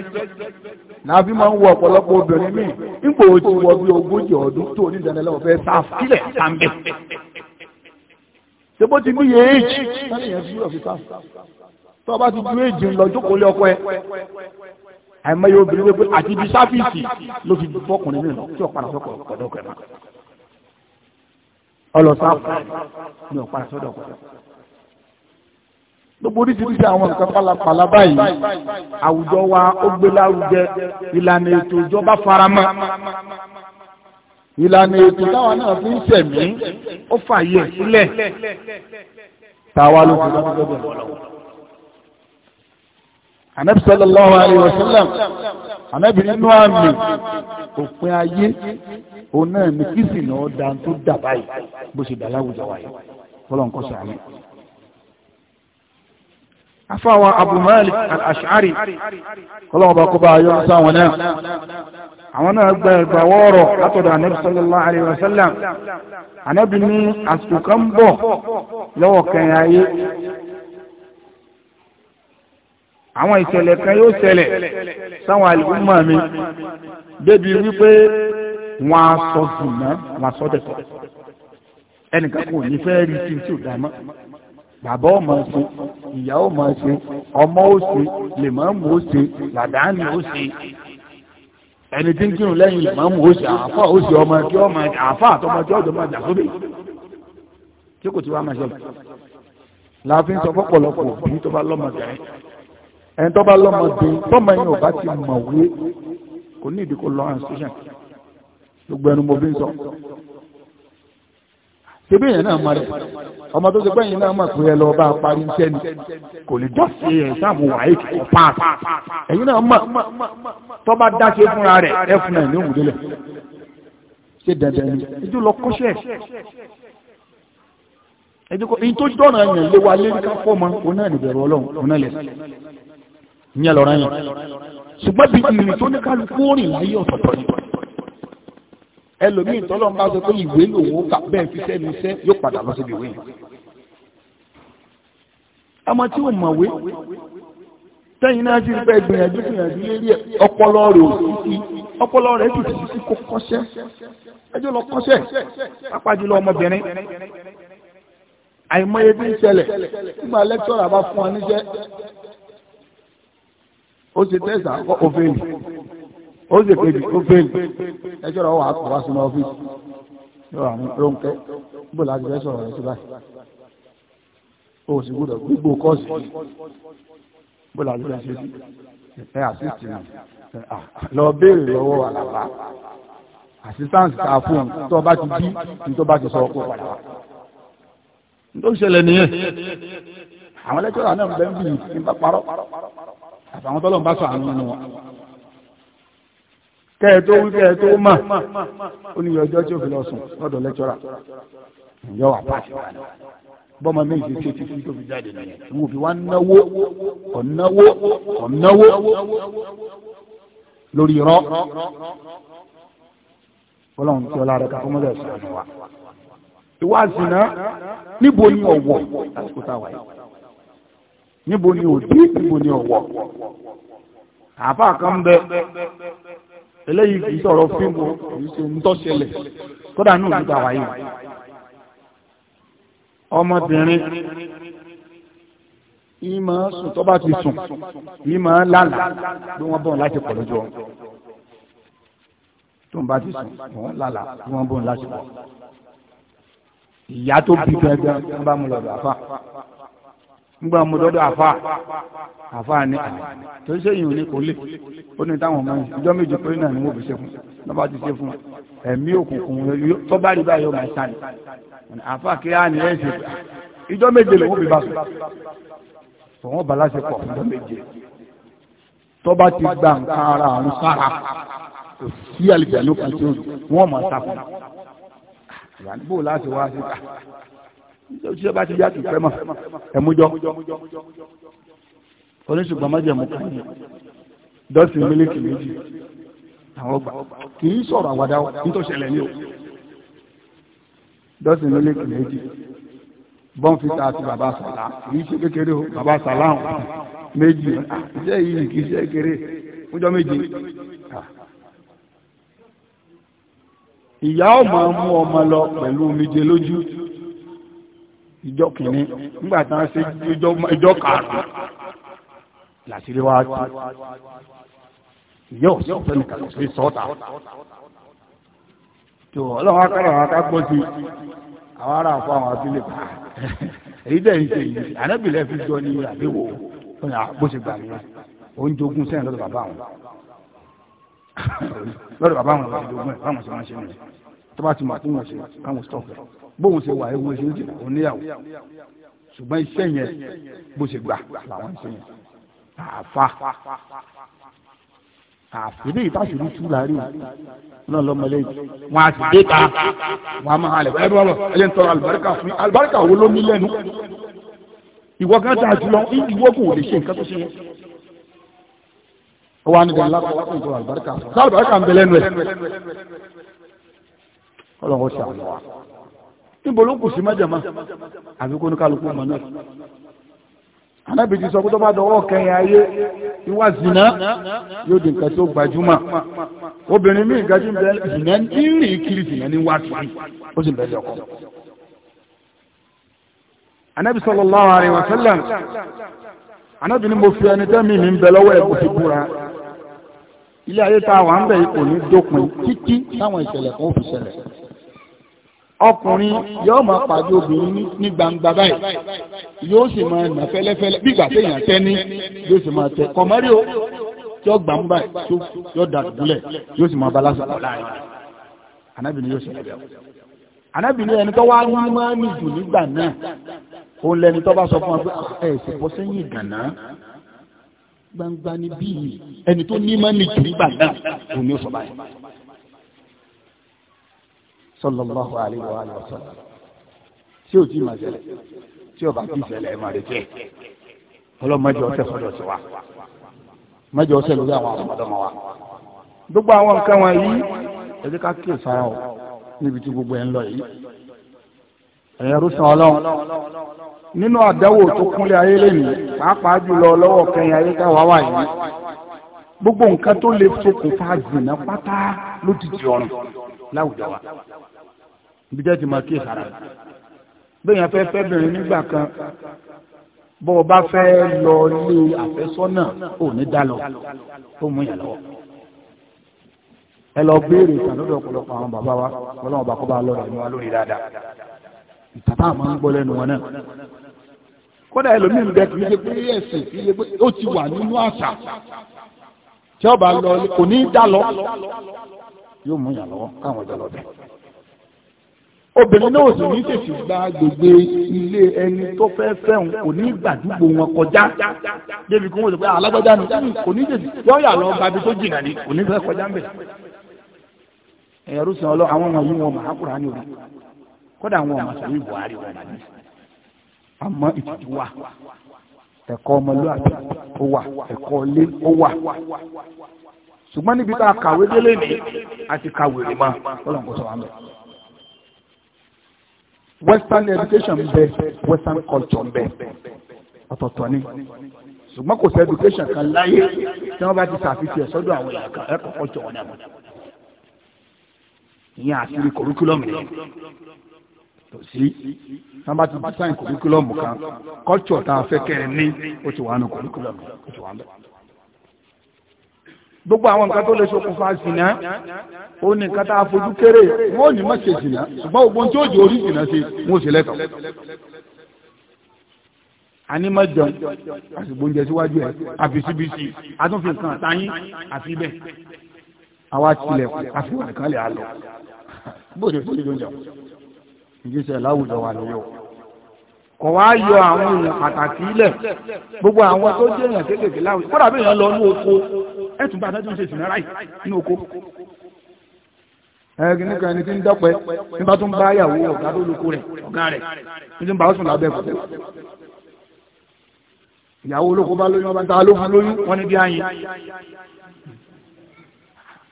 náà fi máa ń wọ ọ̀pọ̀lọpọ̀ obìnrin míì nígbò tí wọ bí ogójì ọdún tó ní ìdánilẹ́ ọ̀fẹ́ sáfílẹ̀ sáńbẹ́ ṣe bó ti bí yẹ éjì tó bá ti ju éjì lọ jókòó lé ọkọ ẹ àìmọye obìnrin wípé àti ibi ló fi bọ́kùnrin mi lọ tí sọ́kọ̀ ọ̀dọ́kọ̀ ẹ̀ gbogbo oríṣiríṣi àwọn nǹkan pálapàla báyìí àwùjọ wa ó gbé lárugẹ ìlànà ètò ìjọba faramọ́ ìlànà ètò táwọn náà fi ń ṣẹ̀mí ó fàyè sílẹ̀ táwa ló fi lọ́wọ́ lọ́wọ́. Ànábì sallallahu alayhi wa sallam Ànábì nínú àmì òpin ayé òun náà ní kìsì náà dá tó dà báyìí bó ṣe dà láwùjọ wáyé fọlọ́nkọ́sọ àmì. afáwọn Abu Malik al-Ash'ari bá kó bá yọ sáwọn náà àwọn náà gba ẹgbà wọ́ọ̀rọ̀ látọ̀dọ̀ anábì sallallahu alayhi wa ní kan bọ̀ lọ́wọ́ kẹyìn kan yóò ṣẹlẹ̀ sáwọn mi débi wípé wọn a sọ dama. bàbá ó máa ṣe ìyá ó máa ṣe ọmọ ó ṣe lèmọ́mù ó ṣe làdáni ó ṣe ẹni tí ń kírun lẹ́yìn lèmọ́mù ó ṣe àáfà ó ṣe ọmọ kí ọmọ àáfà àtọmọ tí ọjọ́ máa jà sóbì tí kò tí wàá máa ṣẹlẹ̀ láàfin sọ fọ́pọ̀lọpọ̀ òbí tó bá lọ́mọdé ẹni tó bá lọ́mọdé tọ́mọ ẹni ò bá ti mọ̀wé kò ní ìdíkò lọ́rùn station gbogbo ẹnu mo fi ń sọ ṣebí èèyàn náà máa rẹ̀ ọmọ tó ti pẹ́ yìí náà máa pè é lọ bá parí iṣẹ́ ni kò lè jọ́ sí ẹ̀ sáàmù wàhálì kò pa ẹ̀yin náà mọ̀ tó bá dáṣe fúnra rẹ̀ ẹ̀ fúnra ẹ̀ ní òun délẹ̀ ṣe dandan ni ẹjọ́ lọ kọ́ṣẹ́ ẹjọ́ kọ́ ìyìn tó dọ̀nà yẹn lé wa lé ká fọ́ ma òun náà nìbẹ̀rù ọlọ́run òun náà lẹ̀ ẹlòmíì tọ́lọ́ ń bá sọ pé ìwé lòun ó kà bẹ́ẹ̀ fi sẹ́nu iṣẹ́ yóò padà lọ síbi ìwé yẹn. ọmọ tí ò mọ̀wé sẹ́yìn náà ti fẹ́ gbìyànjú gbìyànjú lérí ọpọlọ rẹ̀ òkìkí ọpọlọ rẹ̀ ti fi sí kó kọ́ṣẹ́ ẹjọ́ lọ kọ́ṣẹ́ pápájúlọ ọmọbìnrin àìmọye bí ń ṣẹlẹ̀ nígbà lẹ́kítọ́rà bá fún ọ níṣẹ́ ó ti tẹ̀sán òfin ó sì pé ó bẹ́ẹ̀lì ẹjọ́ rẹ̀ wà á sínú ọ́fíìsì yóò àwọn Rónkẹ́ gbò láti fẹ́ sọ̀rọ̀ rẹ̀ sí báyìí ó sì gbúdọ̀ gbígbó kọ́ọ̀sì gbò láti fẹ́ ṣe sí ẹ àṣìṣì náà lọ béèrè lọ́wọ́ àlàbà àṣìṣàǹsì ká fún tó bá ti bí ní tó bá ti sọ ọkọ̀ padà wá. tó ń ṣẹlẹ̀ nìyẹn àwọn lẹ́kọ̀ọ́ náà bẹ́ẹ̀ bí ní bá parọ́ àtàwọn tọ́lọ́ ń bá sọ àánú wọn kẹ́ẹ̀ tó wí kẹ́ẹ̀ tó mà ó ní ọjọ́ tí ó fi lọ sùn lọ́dọ̀ lẹ́kítọ́rà yọ wà pàṣẹ wà ní bọ́mọ méjì ṣe ti fi tó fi jáde nìyẹn ìwọ̀n fi wá náwó ọ̀náwó ọ̀náwó lórí irọ́ ọlọ́run tí ọlá rẹ̀ ká fọmọdé ẹ̀sùn àná wa ìwà àsìná níbo ni ọ̀wọ̀ lásìkò táwa yìí níbo ni òdì níbo ni ọ̀wọ̀ àbá kan bẹ eléyìí kì í sọ̀rọ̀ fíìmù kì í ṣe ń tọ́ṣẹlẹ̀ kódà ní òkúta wáyé ọmọbìnrin yìí máa sùn tó bá ti sùn yìí máa lálàá bí wọ́n bọ̀ láti pọ̀ lójú ọ tó ń bá ti sùn wọ́n lálàá bí wọ́n bọ̀ láti pọ̀ ìyá tó bí gẹ́gẹ́ wọ́n bá mú lọ́dọ̀ àfà nígbà mo dọ́dọ̀ àfà àfà ní tó ṣe yìí ní kò lè ó ní táwọn ọmọ yìí ìjọ méjì pé náà ni wọ́n fi ṣe fún lọ́ba ti ṣe fún ẹ̀mí òkùnkùn tó bá rí báyọ̀ máa ṣàlẹ̀ àfà kí á ní ẹ̀ṣẹ̀ ìjọ méje lòun fi bá sùn tòun bá láṣẹ pọ̀ ìjọ méje tó bá ti gba nǹkan ara àwọn sára kò sí àlìjẹ̀ ló kàn tí wọ́n mọ̀ sáfún ìyànbó láti wá síta òṣìṣẹ́ bá ti yá kì í fẹ́ mọ̀ ẹ̀mújọ́ oníṣùgbọ́n mọ́jẹ̀mú kan yìí dọ́sìn mílíkì méjì àwọn gbà kì í sọ̀rọ̀ àwàdà nítòṣẹlẹ̀ ní o dọ́sìn mílíkì méjì bọ́ǹfìtà àti bàbá sàlá kì í ṣe kékeré o bàbá sàlá hàn méjì ah, iṣẹ́ yìí kì í ṣe kékeré fúnjọ́ méjì ah. ìyá ọmọ mú ọmọ lọ pẹ̀lú omijé lójú ìjọ kìíní nígbà tí wọ́n ṣe ìjọ karùn-ún làṣírí wa tú yóò sọ pé nìkan kò sí sọ́ọ̀tà tó ọlọ́run akọ́rọ̀ àwọn akágbó sí àwọn ará àfọ àwọn abúlé bá èyí dẹ̀ ń ṣe yìí ànábìlẹ̀ fi jọ ní àbẹ̀wò bó ṣe gbà nìyẹn ó ń jogún sẹ́yìn lọ́dọ̀ bàbá àwọn lọ́dọ̀ bàbá àwọn lọ́dọ̀ bàbá àwọn ṣe máa ń ṣe nìyẹn tó bá ti mọ̀ àti mọ̀ sí káwọn stop rẹ̀ bóun ṣe wà ewu ṣe ń jìnà oníyàwó ṣùgbọ́n iṣẹ́ yẹn bó ṣe gbà làwọn iṣẹ́ yẹn àfa àfìdí ìtàṣírí tú láàrin náà lọ́mọlẹ́yìn wọn a sì dé ta wọn a máa lẹ̀ ẹ bọ́ bọ́ ẹ lè ń tọrọ àlùbáríkà fún àlùbáríkà wo ló ní lẹ́nu ìwọ kan tá a jùlọ ìwọ kò lè ṣe nǹkan tó ṣe yẹn ó wà nígbà ńlá kó wá kó ń tọrọ àlùbáríkà fún ń bẹ lẹ́nu ẹ̀ ọlọ́run ṣe àwọn wa níbo ló kù sí mẹ́jẹ̀má àbí kó ní kálukú mọ̀ náà anábì ti sọ pé tó bá dọwọ́ kẹyìn ayé ìwà zìnà yóò di nǹkan tó gbajúmọ̀ obìnrin míì gajú ń bẹ zìnà ń rìn kiri zìnà ní wá kiri ó sì bẹ̀rẹ̀ ọkọ anábì sallallahu alaihi wasallam anábì ni mo fi ẹni tẹ́mi mi ń bẹ lọ́wọ́ ẹ̀ kò fi búra ilé ayé tá a wà ń bẹ̀ ipò ní dópin títí táwọn ìṣẹ̀lẹ̀ kan ó fi ṣẹlẹ̀ ọkùnrin yóò máa pàdé obìnrin ní gbangba báyìí yóò sì máa nà fẹ́lẹ́fẹ́lẹ́ bígbà téèyàn tẹ́ ní yóò sì máa tẹ kọ̀mọ́rí o yóò gbà ń báyìí tó yóò dà dùbúlẹ̀ yóò sì máa bá lásìkò láàrin anábìnrin yóò ṣẹlẹ̀ bẹ́ẹ̀ anábìnrin ẹni tó wá ní máa ní jù nígbà náà òun lẹni tó bá sọ fún wa pé ah, ẹ sì bọ́ sẹ́yìn ìgànná gbangba ni bíi ẹni tó ní máa ní jù nígbà náà òun yóò sọ báyìí sallallahu alaihi wa sallam tí ò tí ma ṣẹlẹ̀ tí ò bá ti ṣẹlẹ̀ ẹ má lè jẹ ọlọmọdé ọsẹ fọdọ sí wa mọdé ọsẹ lórí àwọn ọmọdọmọ wa gbogbo àwọn nǹkan wọn yìí ẹ ká kíyè sára o níbi tí gbogbo ẹ lọ yìí ẹ̀yẹ rúṣan ọlọ́run nínú àdáwò tó kúnlẹ̀ ayé lẹ́yìn pàápàá jùlọ lọ́wọ́ kẹyìn ayé káwá wà yìí gbogbo nǹkan tó lè ṣokùnfà jìnnà pátá lójijì ọ̀run láwùjọ wa ibi jẹ́ ti máa kí ìsàrà bẹ́yàn fẹ́ fẹ́ bẹ̀rẹ̀ nígbà kan bọ́ ọ bá fẹ́ lọ ilé àfẹ́sọ́nà ò ní dá lọ tó mú yàn lọ́wọ́ ẹ lọ béèrè ìtàn lọ́dọ̀ ọ̀pọ̀lọpọ̀ àwọn bàbá wa ọlọ́run bá kọ́ bá lọ́rọ̀ ẹ̀mí wa lórí dáadáa ìtàtà àmọ́ ń gbọ́ lẹ́nu wọn náà kódà ẹlòmíì bẹ kì í ṣe pé ẹsẹ̀ kì í ṣe pé ó ti wà nínú àṣà tí ọba lọ kò ní í dá lọ yóò mú yàn lọ́wọ́ káwọn ọjọ́ lọ bẹ́ẹ̀. obìnrin náà sì ní tètè gba gbogbo ilé ẹni tó fẹ́ kò ní gbàdúgbò wọn kọjá débi kí wọ́n sọ pé ah, alágbádá ni kò ní tètè lọ bàbí tó ni kò ní fẹ́ kọjá mbẹ̀. ẹ̀rú sàn ọlọ́ àwọn ọmọ yìí wọn mà àwọn ọmọ Buhari wọn a kàwé délé western education bẹ western culture bẹ ọ̀tọ̀ọ̀tọ̀ ni ṣùgbọ́n kò sí education kan láyé tí wọ́n bá ti ṣàfihàn ẹ̀ sọ́dọ̀ àwọn èèyàn kan ẹ̀kọ́ kọ́jọ wọn náà ìyẹn àṣírí kòríkúlọ́mù yẹn kò sí wọ́n bá ti design kòríkúlọ́mù kan culture tá a fẹ́ kẹ́ ẹ ní ó ti kòríkúlọ́mù ó ti gbogbo àwọn nǹkan tó lè ṣokùnfà zìnà ó ní nǹkan tá a fojú kéré wọn ò ní má ṣe zìnà ṣùgbọ́n ogun tí ó jẹ́ orí zìnà ṣe wọn ò sì lẹ́tọ̀ọ́ àní má jẹun àsìkò oúnjẹ síwájú ẹ àfi síbísì àtúnfi nǹkan àtayín àfi bẹ́ẹ̀ àwa tilẹ̀kùn àfi wà nǹkan lè àlọ́ bóde fún ìlú ìjọ ìgbésẹ̀ láwùjọ wà lóyọ̀ kọ̀ wá yọ àwọn èèyàn pàtàkì ilẹ̀ gbogbo àwọn tó jẹ́ èèyàn kéékèèké láwùjọ kódà bí èèyàn lọ ní oko ẹ̀tùn bá adájọ́ ṣe ìsìnlẹ̀ ráì ní oko ẹgbẹ́ nìkan ẹni tí ń dọ́pẹ́ nígbà tó ń bá yàwó ọ̀gá tó lóko rẹ̀ ọ̀gá rẹ̀ ní tí ń bá ọ̀sùn lábẹ́ kò tẹ́kù ìyàwó olóko bá lóyún ọba ń ta lóhun lóyún wọn ní bí ayin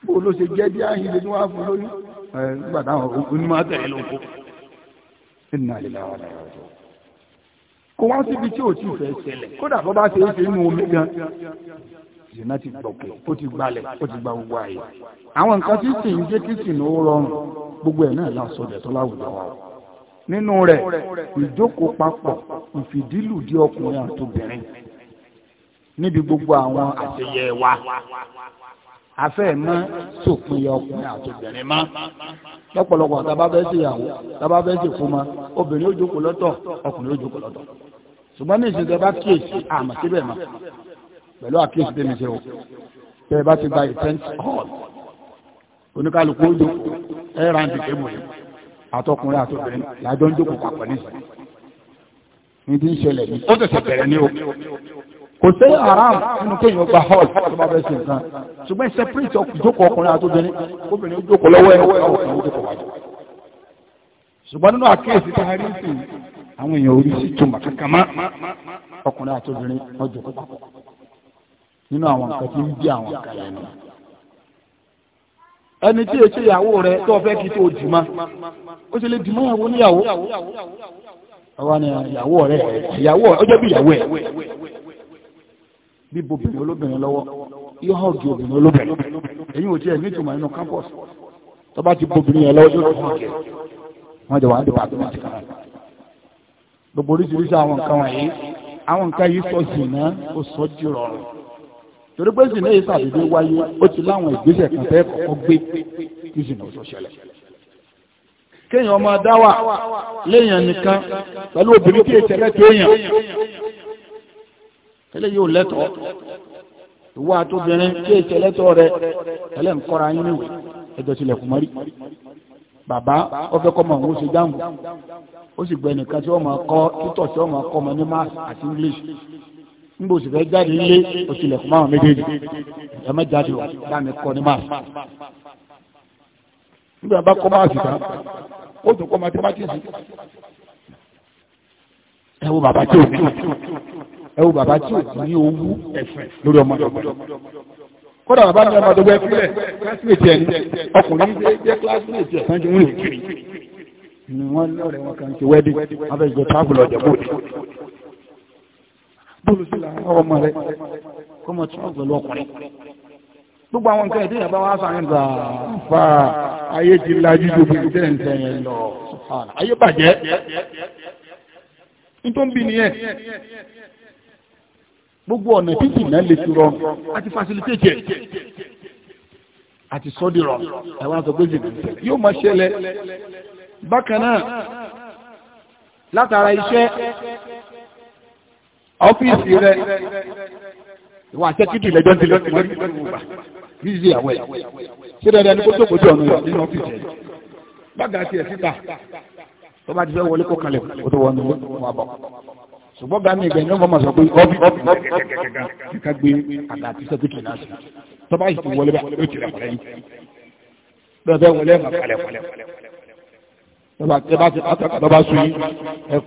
bó ló ṣe jẹ́ bí ayin lè ní wàá fún lóyún nígbà táwọn onímọ̀ tẹ̀lé lóko ìnà ìlà ọ̀nà ìrọ̀jọ́ kò wá síbi tí ò tí ì fẹ́ ṣẹlẹ̀ kódà bọ́ bá ṣe é ṣe nínú omi gan zina ti gbọ̀kẹ́ ó ti gbalẹ̀ ó ti gba gbogbo ààyè àwọn nǹkan tí sì ń jẹ́ kí sì ní ó rọrùn gbogbo ẹ̀ náà là ń sọ dẹ̀tọ́ láwùjọ wa o nínú rẹ̀ ìjókòó papọ̀ ìfìdílùdí ọkùnrin àtobìnrin níbi gbogbo àwọn àṣeyẹ wa afẹ́ mọ́ sòpin ọkùnrin àtòbìnrin mọ́ lọ́pọ̀lọpọ̀ tábà fẹ́ sí ìyàwó tábà fẹ́ sí ìkómọ obìnrin ó jókòó lọ́tọ̀ ọkùnrin ó jókòó lọ́tọ̀ ṣùgbọ́n ní ìṣẹ̀dá bá kíyèsí àmọ́ síbẹ̀ mọ́ pẹ̀lú àkíyèsí tèmi ṣe o tẹ́ bá ti gba ìfẹ́ǹtì hall oníkálukú ojú ẹ ra ní tèmù rẹ àtọkùnrin àtọkùnrin làjọ ń jókòó papọ̀ ní ìsìn ní ti ń ṣẹlẹ̀ ní ó tẹ̀sẹ̀ bẹ̀rẹ̀ ní o kò sí haram nínú kéèyàn gba hall tó bá bẹ́ẹ̀ sí nǹkan ṣùgbọ́n separate jókòó ọkùnrin àtọkùnrin obìnrin ó jókòó lọ́wọ́ ẹ̀ ọkùnrin ó jókòó wájú ṣùgbọ́n nínú àkíyèsí tá a rí sí àwọn èèyàn orí sí túmọ̀ kankan mọ́ ọkùnrin àtọkùnrin ọjọ́ kó nínú àwọn nǹkan tí ń bí àwọn nǹkan yẹn nù. ẹni tí èsì ìyàwó rẹ tó fẹ́ kí tó dì má ó ṣe lè dì má ìyàwó níyàwó. àwa ni ìyàwó rẹ ìyàwó ọjọ́ bí ìyàwó ẹ̀ bíbo obìnrin olóbìnrin lọ́wọ́ yóò hàn ju obìnrin olóbìnrin èyí ò tiẹ̀ nítumọ̀ nínú campus tó bá ti bo obìnrin yẹn lọ́wọ́ yóò hàn kẹ́ wọ́n jọ wà ní department kan gbogbo oríṣiríṣi àwọn nǹkan wọ̀nyí àwọn nǹkan yìí sọ jìnnà ó sọ jù rọrùn torí pé zina yìí sàdédé wáyé ó ti láwọn ìgbésẹ̀ kan tẹ́ kọ́kọ́ gbé kí zina sọ ṣẹlẹ̀ kéèyàn máa dá wà léèyàn nìkan pẹ̀lú obìnrin kí èsì ẹlẹ́tọ̀ èèyàn eléyìí ò lẹ́tọ̀ọ́ ìwọ àtòbìnrin kí èsì ẹlẹ́tọ̀ rẹ ẹlẹ́nkọ́ra yín níwèé ẹjọ́ tilẹ̀kùn mọ́rí bàbá ọfẹ́ kọ́mọ òun ó ṣe dáhùn ó sì gbẹ nìkan tí wọ́n máa títọ̀ tí wọ́n máa ọmọ ní math àti English níbo sì fẹ́ jáde nílé òsìlẹ̀kùn márùn méjèèjì ẹ má jáde wà láàmì kọ ní máàsì nígbà bá kọ́ máàsì tán ó tún kọ́ mathematics ẹ wo bàbá tí ò ní ẹ wo bàbá tí ò ní owó ẹ̀fẹ̀ lórí ọmọ kódà bàbá ní ọmọdé wẹ́ fílẹ̀ kílásìmẹ̀tì ẹni ọkùnrin jẹ́ kílásìmẹ̀tì ẹ̀sán jẹ́ wọ́n lè kiri ni wọ́n lọ́rẹ̀ wọn kàn ṣe wẹ́dí wọ́n fẹ́ jẹ́ tábùlọ̀ jẹ́ bóde bóòlù sí làwọn ọmọ rẹ̀ kó mọ̀ tí wọ́n pẹ̀lú ọkùnrin gbogbo àwọn nǹkan ìdíyàn bá wá sáyẹn gbà fà ayé ti lajú ju bí ìdíyàn ń sẹ́yìn lọ ayé bàjẹ́ nítorí bí nìyẹn gbogbo ọ̀nà títì náà lè ti rọrùn àti fàṣilitéètì ẹ̀ àti sọ́dìrọ̀ ẹ̀wọ̀n àtọ́gbèsè yóò máa ṣẹlẹ̀ bákan látara iṣẹ́ ọ́fíìsì rẹ̀ ìwà àtẹ́kìtì lẹ́jọ́ ń tilẹ̀ mọ́rí bízi àwẹ̀ ṣé dáadáa ní kó tó kojú ọ̀nà nínú ọ́fíìsì rẹ̀ bága ti ẹ̀ síta tó bá ti fẹ́ wọlé kó kalẹ̀ kó tó wọnú wà bọ̀ ṣùgbọ́n gà mí ìgbẹ̀yìn lọ́mọ sọ pé ọ́fí ọ́fí kíkà gbé àgbà àti sẹ́kìtì náà sí tó bá ìsìn wọlé bá yóò ti rẹ̀ pẹ̀lẹ́ yìí bẹ́ẹ̀ bẹ́ẹ̀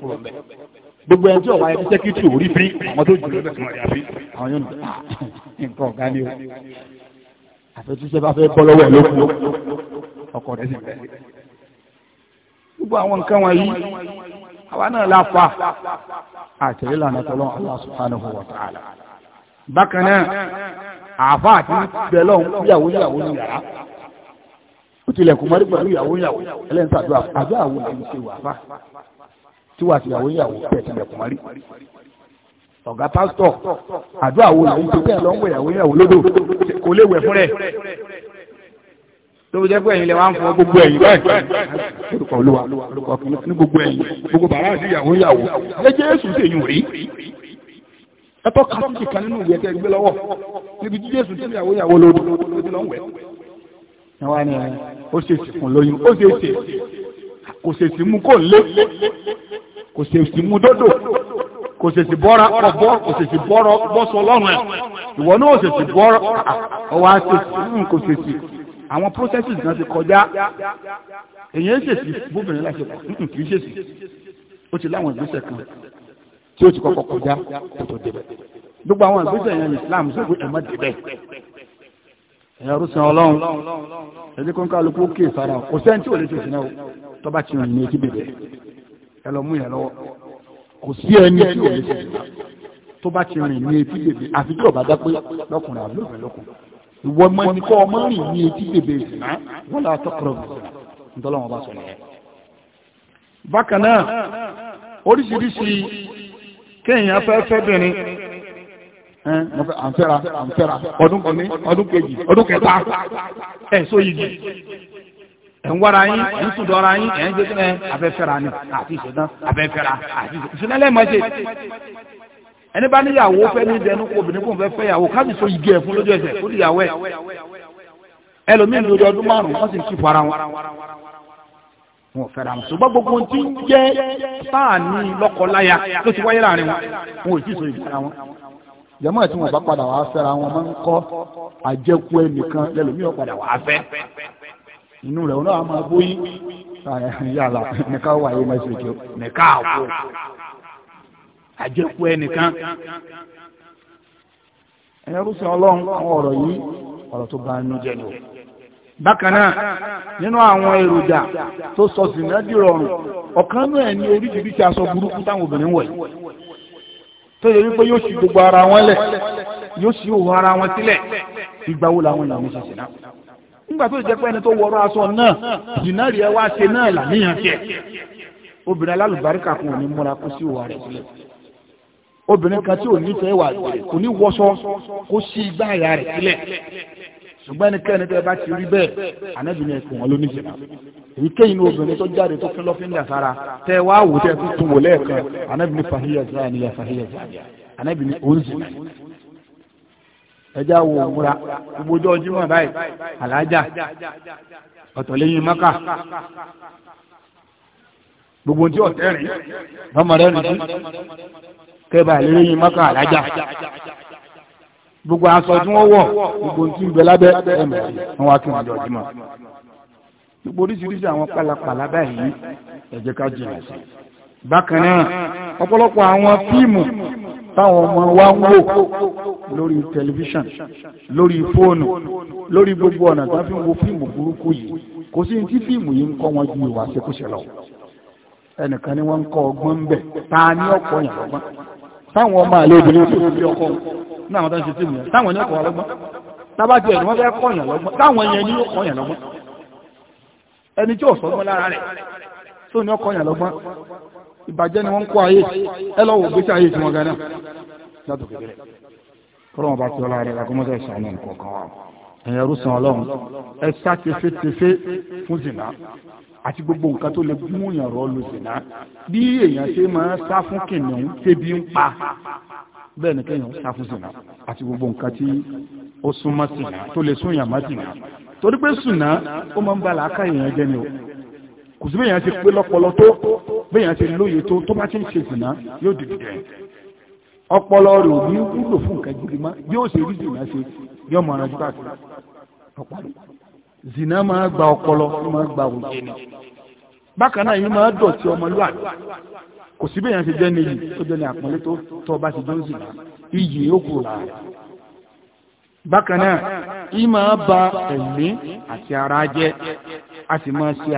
wọlé ẹ̀ gbogbo ẹni tí ọ̀wá ẹni jẹ́ kí tí ò rí fírí àwọn tó jù lọ́dọ̀ tí wọ́n rí àfi àwọn ah, nǹkan ọ̀gá ni o àfẹ́tíṣẹ́ bá fẹ́ bọ́ lọ́wọ́ ẹ̀ lókun ọkọ̀ rẹ̀ sì bẹ̀rẹ̀. gbogbo àwọn nǹkan wọ̀nyí àwa náà la fa àtẹ̀lé lànà tọ́lọ́ Allah subhanahu wa ta'ala. bákan náà àfa àti bẹ̀lọ́ yàwó yàwó ní yàrá ó tilẹ̀ kùmọ́rí pẹ̀lú yàwó yàwó ẹlẹ́nsàdúrà àdúrà wo làwọn ṣe wà fa tí wàá ti yàwó yàwó tẹ̀ tilẹ̀ kùmárì ọ̀gá pásítọ̀ àdúrà wo làwọn tó bẹ́ẹ̀ lọ ń wẹ̀ yàwó yàwó lódò kò lè wẹ̀ fún rẹ̀ tó jẹ́ pé ẹ̀yin lè wá ń fọ gbogbo ẹ̀yin báyìí orúkọ olúwa orúkọ ọkùnrin ní gbogbo ẹ̀yin gbogbo bàbá àti ìyàwó ìyàwó ẹjẹ́ èsù sí èyí rí ẹtọ́ kàtúntì kan nínú ìwé ẹ̀kẹ́ gbé lọ́wọ́ níbi jíjẹ́ èsù sí ìyàwó ìyàwó lódò lódò lọ́wọ́ ẹ̀ wá ní ó ṣe èsì fún lóyún ó ṣe èsì kò ṣèṣì mú kó lé kò sèsì mú dódò kò sèsì bọ́ra ọ̀bọ́ kò sèsì bọ́rọ̀ bọ́sọ lọ́rùn ẹ̀ ìwọ náà ò sèsì bọ́rọ̀ ọwọ́ àṣèsì kò sèsì àwọn processes kan ti kọjá èyí ń sèsì bóbìnrin láti kù kì í sèsì ó ti láwọn ìgbésẹ̀ kan tí ó ti kọ́kọ́ kọjá kò tó débẹ̀ gbogbo àwọn ìgbésẹ̀ yẹn ní Islam sọ pé ẹ̀ má débẹ̀ ẹ̀rùsìn ọlọ́run ẹ̀dínkùnkálukú kì í fara kò sẹ́ni tí ò lè ṣe ìsinmi tó bá ti rìn ẹ lọ mú yẹn lọ́wọ́ kò sí ẹni tí ò lè ṣe ìgbà tó bá ti rìn ní etí bèbè àfi tí ọba dápé lọkùnrin àbí òbí lọkùnrin ìwọ ọmọ ẹni kọ́ ọmọ rìn ní etí bèbè ìsìnà wọn là tọkọrọ bìsìnà nítorí wọn bá sọ nìyẹn. bákan náà oríṣiríṣi kéèyàn fẹ́ bìnrin ọdún kejì ọdún kẹta ẹ̀ sóyìí ẹ̀ ń wára yín ẹ̀ ń sùdọ́ra yín ẹ̀ ń gbé sílẹ̀ afẹ́fẹ́ra ni àti ìṣẹ̀dán afẹ́fẹ́ra àti ìṣẹ̀lẹ̀ mọ́ṣe. ẹni bá níyàwó fẹ́ ní ìdẹnu kó obìnrin kò fẹ́ fẹ́ yàwó káàdì so igi ẹ̀ fún lójú ẹsẹ̀ kó níyàwó ẹ̀ ẹlòmíì lórí ọdún márùn-ún wọ́n sì ń kí fara wọn wọn fẹ́ra wọn ṣùgbọ́n gbogbo tí ń jẹ́ sáàní lọ́kọláya ló ti wáyé láàrin wọn wọn ò tí ì sọ ìfẹ́ra wọn jẹ́mọ́ tí wọ́n bá padà wàá fẹ́ra wọn máa ń kọ́ àjẹkù ẹnìkan lẹ́lòmíì ó padà wàá fẹ́ inú rẹ̀ náà máa bóyí yàrá nìkan wà yìí mẹ́sìlẹ̀ nìkan àwọ̀ àjẹkù ẹnìkan ẹ̀yẹ́ rúṣin ọlọ́run àwọn ọ̀rọ̀ yìí ọ̀rọ̀ tó bá inú jẹ́ ni o bákan náà nínú àwọn èròjà tó sọ sìnà di rọrùn ọ̀kan náà ní oríṣiríṣi aṣọ burúkú táwọn obìnrin wọ̀ tó yẹ wípé gbogbo ara wọn le yóò ṣí òwò ara wọn sílẹ̀ ìgbà wo làwọn ìlànà ṣe nígbà tó jẹ́ pé ẹni tó wọrọ aṣọ náà jìnnàrí ẹ wá ṣe náà làníyàn tiẹ̀ obìnrin alálùbáríkà kan ò ní múra kó sí ìwà rẹ̀ sílẹ̀ obìnrin kan tí ò nífẹ̀ẹ́ wà rẹ̀ kò ní wọṣọ kó sí igbá ìyá rẹ̀ sílẹ̀ ṣùgbọ́n ẹnikẹ́ni tẹ́ bá ti rí bẹ́ẹ̀ ànábìnrin ẹ̀kọ́ wọn ló ní ìṣẹ̀lá èyíkéyìí ní obìnrin tó jáde tó fún lọ́fíńdà sára tẹ́ wá wò tẹ́ tún tún wò lẹ́ẹ̀kan ànábìnrin fàhíyà sáà ni yà fàhíyà sáà ànábìnrin òun sì ẹjá wo òmúra gbogbo ọjọ́ jímọ̀ báyìí alájà ọ̀tọ̀lẹ́yìn mọ́kà gbogbo tí ọ̀tẹ́rin lọ́mọdé nìyí kẹba ìlẹ́yìn mọ́kà alájà gbogbo aṣọ tí wọ́n wọ̀ gbogbo tí ń bẹ lábẹ́ ẹ̀mọ̀ wọn wá kí wọn jọ jímọ̀ gbogbo oríṣiríṣi àwọn pálapàla báyìí ẹ ká jìnnà sí bákan náà ọ̀pọ̀lọpọ̀ àwọn fíìmù táwọn ọmọ wa ń wò lórí tẹlifíṣàn lórí fóònù gbogbo ọ̀nà tó fi ń wo fíìmù burúkú yìí kò sí tí fíìmù yìí ń kọ́ wọn ju ìwà ṣekúṣe lọ ẹnìkan ni wọ́n ń kọ́ ọgbọ́n ń bẹ̀ ta yàn lọ́gbọ́n táwọn ọkọ ṣe fíìmù yẹn táwọn ní tábàtì ẹ̀ ni wọ́n fẹ́ kọ́ yàn lọ́gbọ́n táwọn ìbàjẹ́ ni wọ́n ń kó ayé ẹ lọ wò gbèsè ayé tí wọ́n gan náà látọ̀ kékeré kọ́lọ́ wọn bá ti ọlá rẹ̀ lakọ́mọ́sẹ̀ ìṣàánú nǹkan kan wà ẹ̀yẹ rúsan ọlọ́run ẹ sá tefetefe fún zina àti gbogbo nǹkan tó lè mú èèyàn rọ lu zina bí èèyàn ṣe máa sá fún kìnìún tẹ́bi ń pa bẹ́ẹ̀ ni kéèyàn sá fún zina àti gbogbo nǹkan tí ó súnmọ́ zina tó lè sún èèyàn má zina torí pé zina ó máa ń ba làákà èèyàn jẹ́ ni o kò sí bí èèyàn ti pé lọ́pọlọ tó bẹ́yàn ti rìn lóye tó tó bá ti ń ṣe ìsìnà yóò ọpọlọ rẹ̀ ò ní wúlò fún nǹkan gidi má yóò ṣe rí ìsìnà ṣe yóò máa gba ọpọlọ ma máa gba òye ni bákan náà yìí máa dọ̀tí ọmọlúwàbí kò sí bẹ́yàn ti jẹ́ ní tó jẹ́ ní àpọ́nlé tó tọ́ bá ti ba ẹ̀mí àti ara jẹ́ a sì máa ṣe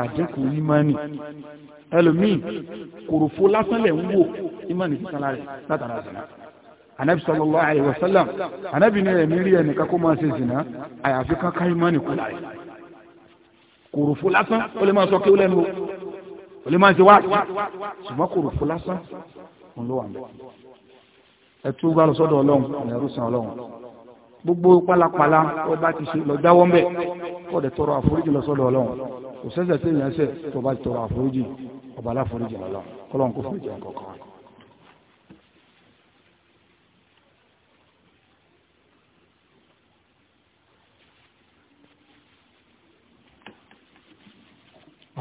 ẹlòmíì kòròfó lásán lẹ̀ ń wò ìmọ̀ni sísanlá rẹ̀ látara zina anabi sallallahu alayhi wa sallam anabi ní ẹ̀mí rí ẹnìkan kó máa ṣe zina àyàfi kankan ìmọ̀ni kúlà rẹ̀ kòròfó lásán ó lè máa sọ kí ó lẹ́nu ó lè máa ṣe wáàkì ṣùgbọ́n kòròfó lásán òun ló wà ní ẹtú bá lọ sọ́dọ̀ ọlọ́run ẹ̀rú san ọlọ́run gbogbo pálapàla ọba ti ṣe lọ jáwọ́ ń bẹ̀ kọ́ọ̀dẹ̀ tọrọ àforíjì lọ sọ́dọ̀ ọlọ́run kò sẹ́sẹ̀ sí ìyẹn sẹ̀ tó bá ti tọrọ àforíjì ọba aláforíjì lọ́lọ́ kọ́lọ́n kó foríjì ẹ̀kọ́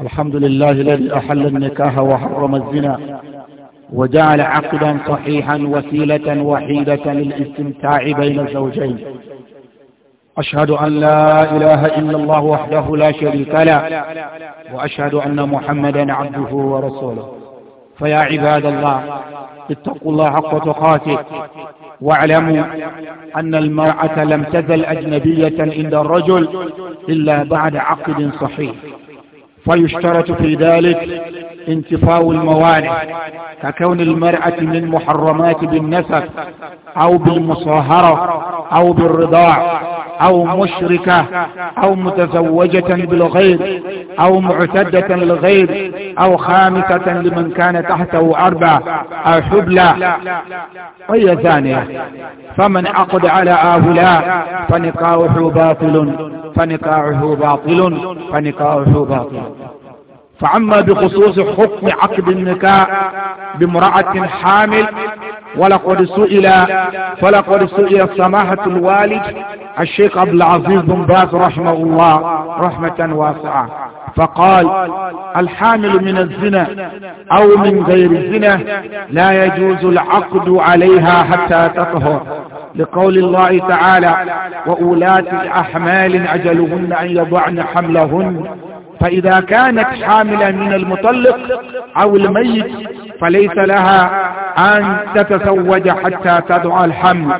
الحمد لله الذي أحل النكاح وحرم الزنا وجعل عقدا صحيحا وسيلة وحيدة للاستمتاع بين الزوجين أشهد أن لا إله إلا الله وحده لا شريك له وأشهد أن محمدا عبده ورسوله فيا عباد الله اتقوا الله حق تقاته واعلموا أن المرأة لم تزل أجنبية عند الرجل إلا بعد عقد صحيح فيشترط في ذلك انتفاء الموانع ككون المرأة من محرمات بالنسب أو بالمصاهرة أو بالرضاع او مشركة او متزوجة بالغير او معتدة للغير او خامسة لمن كان تحته اربع او حبلى وهي ثانية فمن عقد على هؤلاء فنقاوه باطل فنقاوه باطل فنقاوه باطل فعما بخصوص حكم عقد النكاء بامرأة حامل ولقد سئل فلقد سئل سماحة الوالد الشيخ عبد العزيز بن باز رحمه الله رحمة واسعة فقال الحامل من الزنا أو من غير الزنا لا يجوز العقد عليها حتى تطهر لقول الله تعالى وأولاة الأحمال أجلهن أن يضعن حملهن فإذا كانت حاملا من المطلق أو الميت فليس لها أن تتزوج حتى تضع الحمل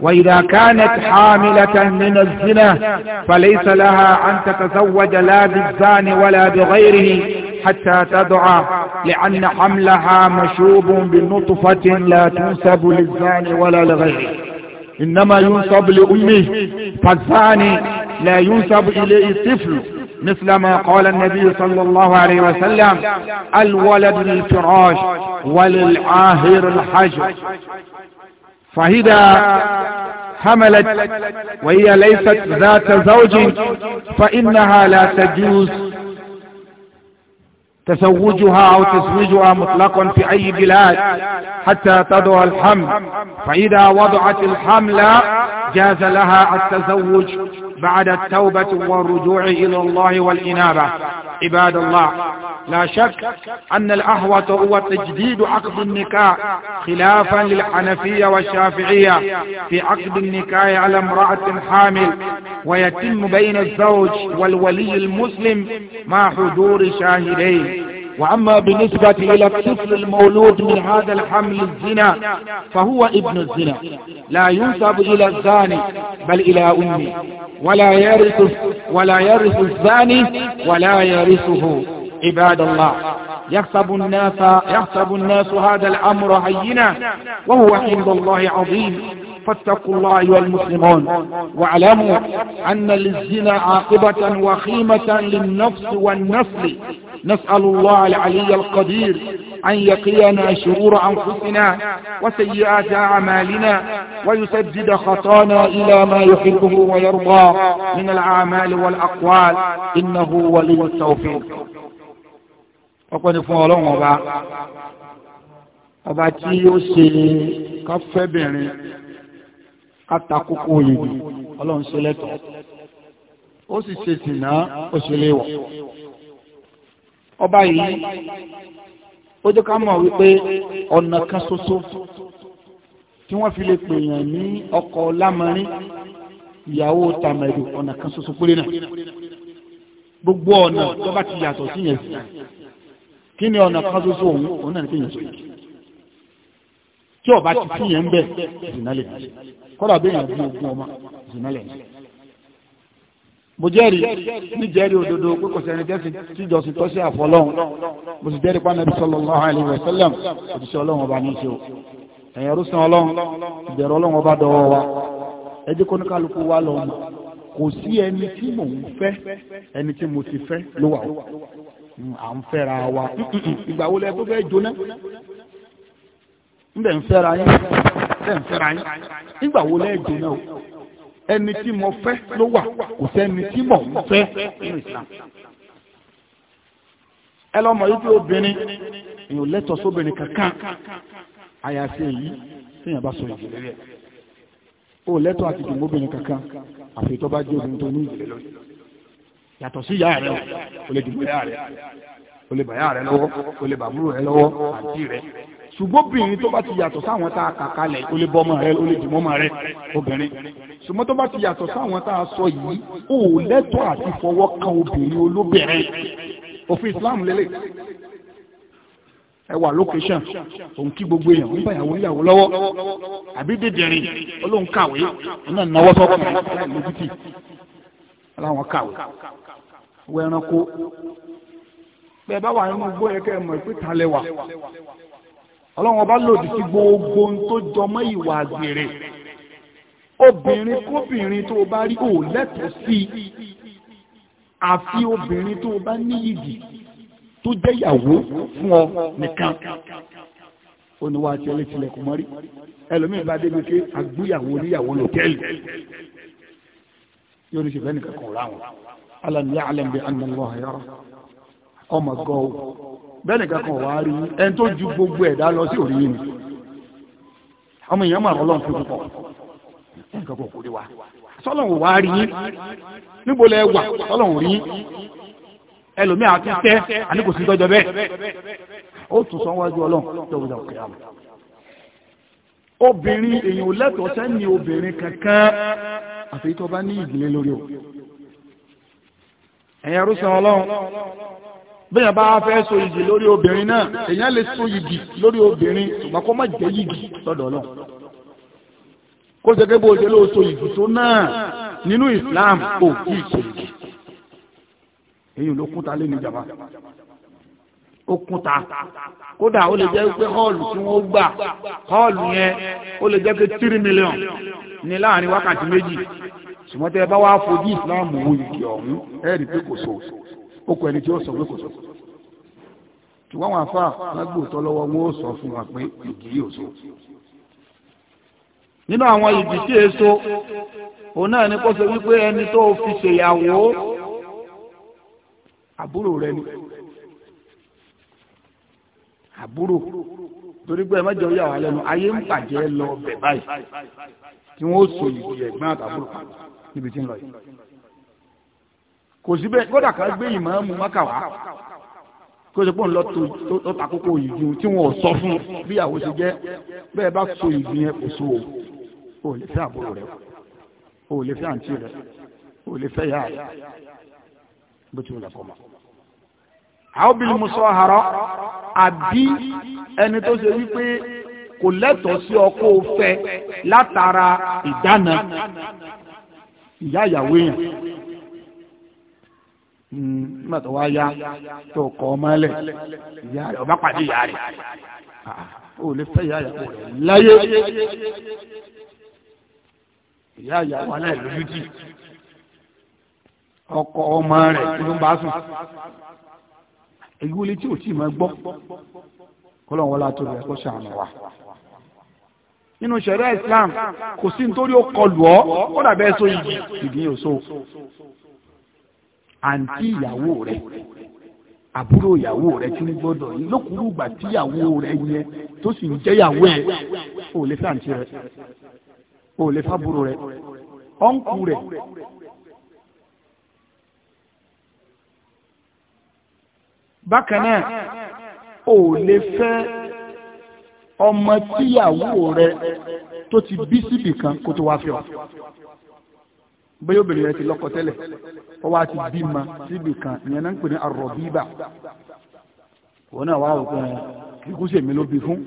وإذا كانت حاملة من الزنا فليس لها أن تتزوج لا بالزان ولا بغيره حتى تدعى لأن حملها مشوب بنطفة لا تنسب للزان ولا لغيره إنما ينسب لأمه فالزاني لا ينسب إليه طفله مثل ما قال النبي صلى الله عليه وسلم الولد للفراش وللعاهر الحجر فإذا حملت وهي ليست ذات زوج فإنها لا تجوز تزوجها أو تزويجها مطلقا في أي بلاد حتى تضع الحمل فإذا وضعت الحمل جاز لها التزوج بعد التوبة والرجوع إلى الله والإنابة عباد الله لا شك أن الأهوة هو تجديد عقد النكاء خلافا للحنفية والشافعية في عقد النكاء على امرأة حامل ويتم بين الزوج والولي المسلم مع حضور شاهدين وأما بالنسبة إلى الطفل المولود من هذا الحمل الزنا فهو ابن الزنا لا ينسب إلى الزاني بل إلى أمه ولا يرث ولا يرث الزاني ولا يرثه عباد الله يحسب الناس يحسب الناس هذا الأمر هينا وهو عند الله عظيم فاتقوا الله أيها المسلمون واعلموا أن للزنا عاقبة وخيمة للنفس والنسل نسأل الله العلي القدير أن يقينا شرور أنفسنا وسيئات أعمالنا ويسدد خطانا إلى ما يحبه ويرضى من الأعمال والأقوال إنه ولي التوفيق ọpẹ́ni fún ọlọ́run ọba ọba tí ó ṣe káfẹ́bìnrin kátàkókò yìí ọlọ́run ṣe lẹ́tọ̀ọ́ ó sì ṣe sìnà ó ṣe léwọ̀ ọba yìí ó jẹ́ ká mọ̀ wípé ọ̀nà kan ṣoṣo tí wọ́n fi lè pèèyàn ní ọkọ̀ lámọrin ìyàwó tàmẹ̀dù ọ̀nà kan ṣoṣo péré náà gbogbo ọ̀nà tó bá ti yàtọ̀ sí yẹn kí ni ọ̀nà kan ṣoṣo òun òun náà ní kéèyàn sọ̀rọ̀ tí ọba ti fi yẹn ń bẹ̀ zìnálẹ̀ kọ́dà bí èèyàn bí ọmọ zìnálẹ̀ yẹn mo jẹ́rìí ní jẹ́rìí òdodo pé kò sẹ́ni jẹ́sì tíjọsìn tọ́sí àfọlọ́hun mo sì jẹ́rìí pánàbí sallallahu alaihi wa sallam òṣìṣẹ́ ọlọ́run ọba ní ṣe o ẹ̀yàn rúsan ọlọ́run ìbẹ̀rù ọlọ́run ọba dọwọ́ wa ẹjẹ́ kó ní kálukú wa lọ mọ̀ kò sí ẹni tí mò ń fẹ́ ẹni tí mo ti fẹ́ ló wà ó à ń fẹ́ra wa ìgbà wo lẹ tó fẹ́ jóná ń bẹ̀ ń fẹ́ra yín ń bẹ̀ ń fẹ́ra yín ìgbà wo lẹ jóná o ẹni tí mo fẹ́ ló wà kò sẹ́ni tí mo fẹ́ nínú Islam ẹ lọ́mọ yìí tí obìnrin èèyàn lẹ́tọ̀ọ́ sóbìnrin kankan àyàfi èyí téèyàn bá sọ ìdílé rẹ̀ ó lẹ́tọ̀ọ́ àti dùn mọ́bìnrin kankan àfi tó bá jẹ́ obìnrin tó ní ìdílé lórí yàtọ̀ sí ìyá rẹ̀ o lè dìbò ìyá rẹ̀ o lè bàyá rẹ̀ lọ́wọ́ o lè bàbúrò rẹ̀ lọ́wọ́ àǹtí rẹ̀ ṣùgbọ́n obìnrin tó bá ti yàtọ̀ sáwọn tá a kà kalẹ̀ o lè bọ́ ọmọ rẹ̀ o lè dìbò ọmọ rẹ̀ obìnrin ṣùgbọ́n tó bá ti yàtọ̀ sáwọn tá a sọ yìí ó lẹ́tọ̀ àti fọwọ́ kan obìnrin olóbìnrin òfin Islam lélẹ̀ ẹ wà lókèṣàn òun kí gbogbo èèyàn ń bá ìyàwó ìyàwó lọ́wọ́ àbí dídìrín olóhùn kàwé náà náwó sọ́kùnrin láì lójútì aláwọn kàwé wọ ẹranko bẹ́ẹ̀ bá wà nínú gbó ẹkẹ mọ̀ pé talẹ̀ wà ọlọ́run ọba lòdì sí gbogbo ohun tó jọmọ́ ìwà àgbèrè obìnrin kóbìnrin tó o bá rí ò lẹ́tọ̀ọ́ sí i àfi obìnrin tó o bá níyìdì tó jẹ́ ìyàwó fún ọ nìkan oníwà àti ẹlẹ́tìlẹ̀ kò mọ́rí ẹlòmíín bá débi pé àgbéyàwó oníyàwó lòtẹ́ẹ̀lì yóò ní ṣe fẹ́ nìkan kan rà wọn alam ya'lam bi anna Allah yara ọmọ gọ́ọ̀ bẹ́ẹ̀ni kankan wà rí ẹni tó ju gbogbo ẹ̀dá lọ sí orí yìí ọmọ èèyàn mọ̀ fún kankan kò rí wa sọ́lọ́hún wá rí yín níbo lẹ wà sọ́lọ́hún rí yín ẹlòmíì àti tẹ́ àní kò sí tọ́jọ́ bẹ́ẹ̀ ó tún sọ wájú ọlọ́run tó wùdà òkè àmọ́ obìnrin èèyàn lẹ́tọ̀ọ́ sẹ́ni obìnrin kankan àfi tó bá ní ìdílé lórí o ẹ̀yà rúṣà ọlọ́run bẹ́yàn bá fẹ́ so yìgì lórí obìnrin náà èèyàn lè so yìgì lórí obìnrin ṣùgbọ́n kó má jẹ́ yìgì lọ́dọ̀ ọlọ́run kó jẹ́ gẹ́gbó òjò lóòótọ́ ìbùsùn náà nínú Islam kò kí ìṣèlú èyí ló kúta lé níjàmbá ó kúta kódà ó lè jẹ́ pé họ́ọ̀lù tí wọ́n gbà họ́ọ̀lù yẹn ó lè jẹ́ pé tírí mílíọ̀n ní láàrin wákàtí méjì ṣùgbọ́n bá wá fojú Islam wo ìdí ọ̀hún ẹ rí pé kò so ó kọ ẹni tí ó sọ pé kò so ṣùgbọ́n wọn àfà lágbóòtọ́ lọ́wọ́ wọn ó sọ fún wa pé ìdí yóò nínú àwọn ìdí tí èso òun náà ni kó sọ wípé ẹni tó fi ṣèyàwó àbúrò rẹ ni àbúrò torí pé ẹ má jẹun yà wá lẹ́nu ayé ń bàjẹ́ lọ bẹ̀ báyìí tí wọ́n ó so ìdí ẹ̀gbọ́n àtàbúrò níbi tí ń lọ yìí kò síbẹ̀ kódà ká gbé ìmáàmù Mákà wá kó o ṣe pé ń lọ tó takókò ìdí tí wọ́n sọ fún bíyàwó ṣe jẹ́ bẹ́ẹ̀ bá so ìdí kò so o lè àbúrò rẹ o àǹtí rẹ o yá rẹ bó ti wùlẹ̀ kọ́ ma. àwọn obìnrin mu sọ àbí ẹni tó ṣe wípé kò lẹ́tọ̀ọ́ sí ọkọ òfẹ́ látara ìdáná ìyá ìyàwó yẹn hmm, nígbà tó wá yá tó kọ́ ọmọ ẹlẹ̀ ìyá ọba pàdé ìyá ìyá ìyàwó alẹ́ lójú tì ọkọ ọmọ rẹ̀ tí ló ń bá sùn èyí wọlé tí ò tí mọ gbọ́ kọlọ́n wọlé àtúrò ẹ̀kọ́ ṣàánú wa nínú ṣẹ̀rẹ́ Islam kò sí nítorí ó kọlù ọ́ ó dàbẹ́ so igi ìdín òso àǹtí ìyàwó rẹ̀ àbúrò ìyàwó rẹ̀ tí ń gbọ́dọ̀ yìí lókùrú ìgbà tí ìyàwó rẹ̀ yẹn tó sì ń jẹ́ ìyàwó ẹ̀ ó lè fẹ́ àǹtí rẹ̀ o lè fábùrò rẹ̀ ọ̀nkù rẹ̀ bákan náà o lè fẹ́ ọmọ tíyàwó rẹ̀ tó ti bí síbì kan kó tó wá fẹ́ ọ bóyá obìnrin rẹ̀ ti lọ́kọ tẹ́lẹ̀ ó wá ti bímọ síbì kan ìyẹn náà ń pè ní arọ̀bíbà wọn náà wá òkú rẹ̀ kíkú sèmi ló bí fún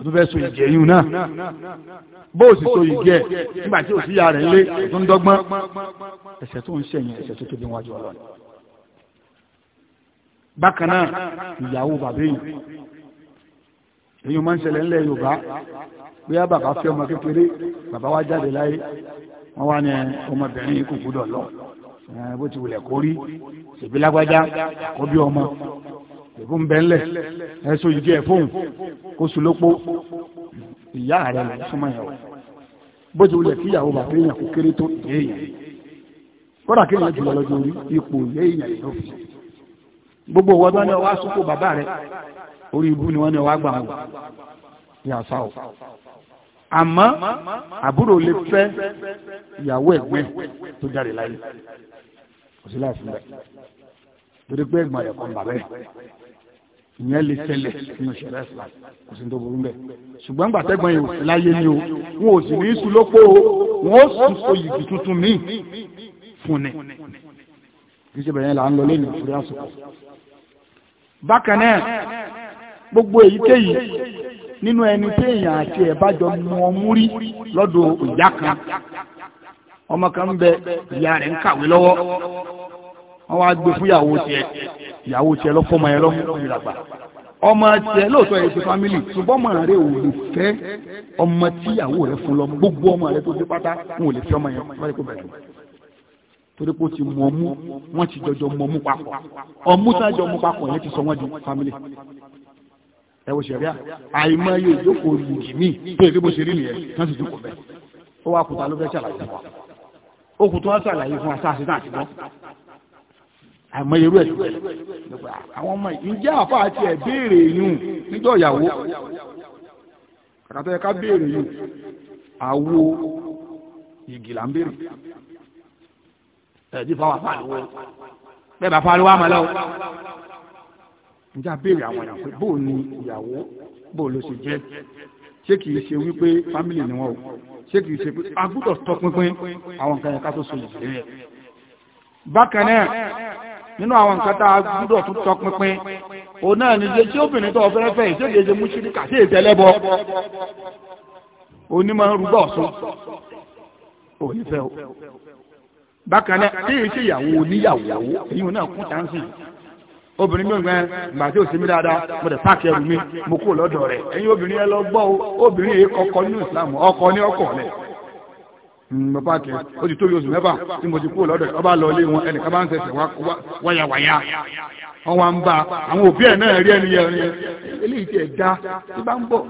o tún fẹ́ so ìjẹ yìí náà bó so ìjẹ nígbà tí o sì rẹ̀ lé o dọ́gbọ́n ẹ̀ṣẹ̀ tó ń ṣẹ̀yìn ẹ̀ṣẹ̀ tó tóbi wájú ọlọ́run bákan náà ìyàwó bàbá yìí èyí máa ń ṣẹlẹ̀ ńlẹ̀ yorùbá bóyá bàbá fẹ́ ọmọ kékeré bàbá wá jáde láyé wọ́n wá ní ọmọbìnrin kò gbúdọ̀ lọ bó ti wulẹ̀ kórí ṣèbí lágbájá kó bí ọmọ ẹ̀gún bẹ́ńlẹ̀ ẹ̀sùn ìdí ẹ̀ fóun kó sùn lópo ìyá rẹ̀ lọ súnmọ́ yẹn o bó ti wulẹ̀ kíyàwó bàbá èèyàn kò kéré tó ìyá èèyàn kódà kí èèyàn jùlọ lọ́jọ́ orí ipò ìyá èèyàn ló fi gbogbo wọn bá ní ọwọ́ àsopọ̀ bàbá rẹ̀ orí ibú ni wọ́n ní ọwọ́ àgbà wọn ní àṣà o àmọ́ àbúrò lè fẹ́ ìyàwó ẹ̀gbẹ́ tó jáde láyé kò sí láàfin bẹ́ẹ̀ torí pé ẹ̀gbọ́n rẹ̀ kan bàbẹ́ ìyẹn lè ṣẹlẹ̀ nínú ìṣẹ̀lẹ̀ islam kò sí tó burú bẹ́ẹ̀ ṣùgbọ́n nígbà tẹ́gbọ́n yìí ò sí láyé ni o wọn ò sì ní í sùn lóko o wọn ó sùn so yìgì tuntun míì fún ni kì ṣe bẹ̀rẹ̀ là ń lọ lẹ́nu ìfúri àsìkò bákan náà gbogbo èyíkéyìí nínú ẹni tí èèyàn àti ẹ̀ bá jọ mu ọmú lọ́dọ̀ ìyá kan ọmọ kan ń bẹ ìyá rẹ̀ ń kàwé lọ́wọ́ wọ́n wá gbé fún ìyàwó tiẹ̀ ìyàwó tiẹ̀ lọ́kọ́ ọmọ yẹn lọ́kùnrin làgbà ọmọ tiẹ̀ lóòótọ́ yẹn ti fámìlì ṣùgbọ́n ọmọ rẹ ò lè fẹ́ ọmọ tíyàwó rẹ fún lọ gbogbo ọmọ rẹ tó dé pátá wọn ò lè fẹ́ ọmọ yẹn wọ́n kó bẹ̀rẹ̀ torí pé ó ti mú ọmú wọ́n ti jọjọ mú ọmú papọ̀ ọmú tájọ mú papọ̀ yẹn ti sọ wọ́n di fámìlì ẹ wo sẹ̀ríà àìmọye ìjókòó àmọ́ irú ẹ̀ àwọn ọmọ yìí jẹ́ àfa àti ẹ̀ béèrè yùn níjọ́ ìyàwó kàkàtọ̀ ẹ̀ka béèrè yùn àwo igi là ń béèrè ẹ̀dí fáwọn afáàlúwọ́ bẹ́ẹ̀ bá fáwọn àmọ́ lọ́wọ́ njẹ́ abéèrè àwọn èèyàn pé bóò ni ìyàwó bóò ló ṣe jẹ́ ṣé kìí ṣe wípé fámìlì ni wọn o ṣé kìí ṣe pé a gbọ́dọ̀ tọpinpin àwọn nǹkan ẹ̀ka tó so yìí bákan náà nínú àwọn nǹkan tá a gbúdọ̀ tún tọpinpin òun náà ní ṣe tí obìnrin tó fẹ́rẹ́fẹ́ yìí ṣéde ṣe mú sí ìtẹ́lẹ́bọ onímọ̀ rúgbà ọ̀sán òní fẹ́ o bákan tí èyí ṣe ìyàwó oníyàwó èyí náà kún táǹsì obìnrin mi gbẹ gbà tí ò sí mi dáadáa mo páàkì ẹrù mi mo ọkọ ní ọkọ bàbá mm, kẹ ó ti tobi oṣù meba tí mo ti kú ọba lọ ilé wọn bá ń sẹ̀sẹ̀ wáyàwáyà wọn ń bá àwọn òbí ẹ̀ náà rí ẹni yẹn eléyìí tí ẹ̀ dá tí bá ń wọn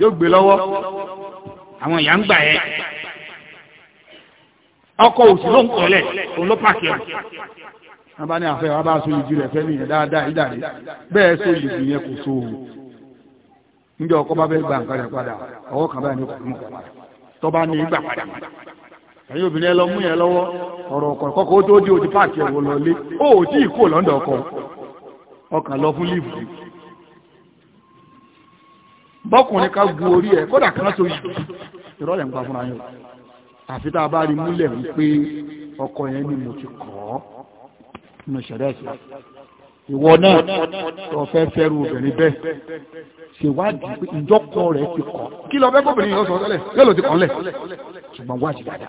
yóò gbé lọ́wọ́ àwọn ìyá ń gbà òsì ló ń òun ló pàṣẹ wọn bá ní wọn bá tọ́ba ní ìgbà padà ẹ̀yin obìnrin ẹ lọ mú yẹn lọ́wọ́ ọ̀rọ̀ ọ̀kọ̀ kọ́kọ́ tó dé ojú páàkì ẹ̀wọ̀ lọlé ó tí ì lọ́ndọ̀ ọkọ ọkàn lọ fún líìfù bọ́kùnrin ká gu orí ẹ kódà kan so yìí ń fúnra yẹn àfi tá a bá rí ìwọ náà tó fẹ́ fẹ́rù obìnrin bẹ́ẹ̀ ṣèwádìí pé ìjọkọ̀ rẹ̀ ti kọ̀ kí lọ bẹ́ẹ̀ kóbìnrin yóò sọ tẹ́lẹ̀ yóò lò ti kọ́lẹ̀ ṣùgbọ́n wádìí dáadáa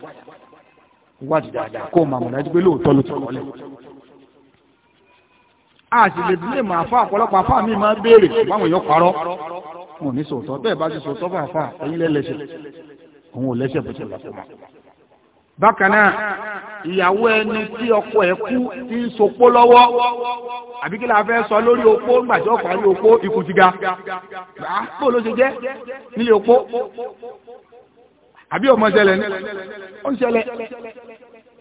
wádìí dáadáa kó o máa mọ̀ dájú pé lóòótọ́ ló ti kọ́lẹ̀ a sì lè dílé mọ àfa ọ̀pọ̀lọpọ̀ àfa mi máa ń béèrè báwọn èèyàn parọ́ wọn ò ní sòótọ́ bẹ́ẹ̀ bá ti sòótọ́ fún àfa ẹ̀yin lẹ́lẹ́sẹ̀ òun ò lẹ́sẹ̀ bó bákan náà ìyàwó ẹni tí ọkọ ẹ̀ kú ti ń sopó lọ́wọ́ àbí kí la fẹ́ sọ lórí opó gbàjọ́ ọkọ̀ opó ikú ti ga àpò ló ṣe jẹ́ nílé opó àbí ọmọ ṣẹlẹ̀ ní ó ń ṣẹlẹ̀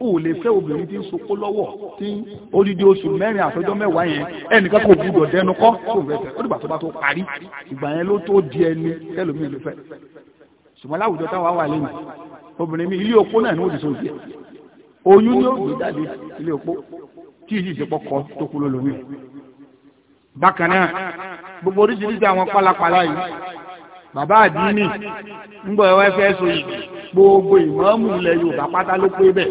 ó lè fẹ́ obìnrin tí ń sopó lọ́wọ́ tí odidi oṣù mẹ́rin àtọjọ́ mẹ́wàá yẹn ẹnìkan kò gbúdọ̀ dẹnu kọ́ tó ń fẹ́ fẹ́ ó dìgbà tó bá tó parí ìgbà yẹn ló tó di ẹni tẹ́lómi ló fẹ́ ṣùgbọ́n láwùjọ táwọn wà lẹ́yìn obìnrin mi ilé opó náà ní òdì sóòjì ẹ̀ oyún ní òdì jáde ilé opó tí ìdí ìṣepọ̀ kọ tó kú lólomi rẹ̀ bákan náà gbogbo oríṣiríṣi àwọn pálapàla yìí bàbá àdínì ń gbọ́ ẹwà ẹfẹ́ so yìí gbogbo ìmọ̀ọ́mù ilẹ̀ Yorùbá pátá ló pé bẹ́ẹ̀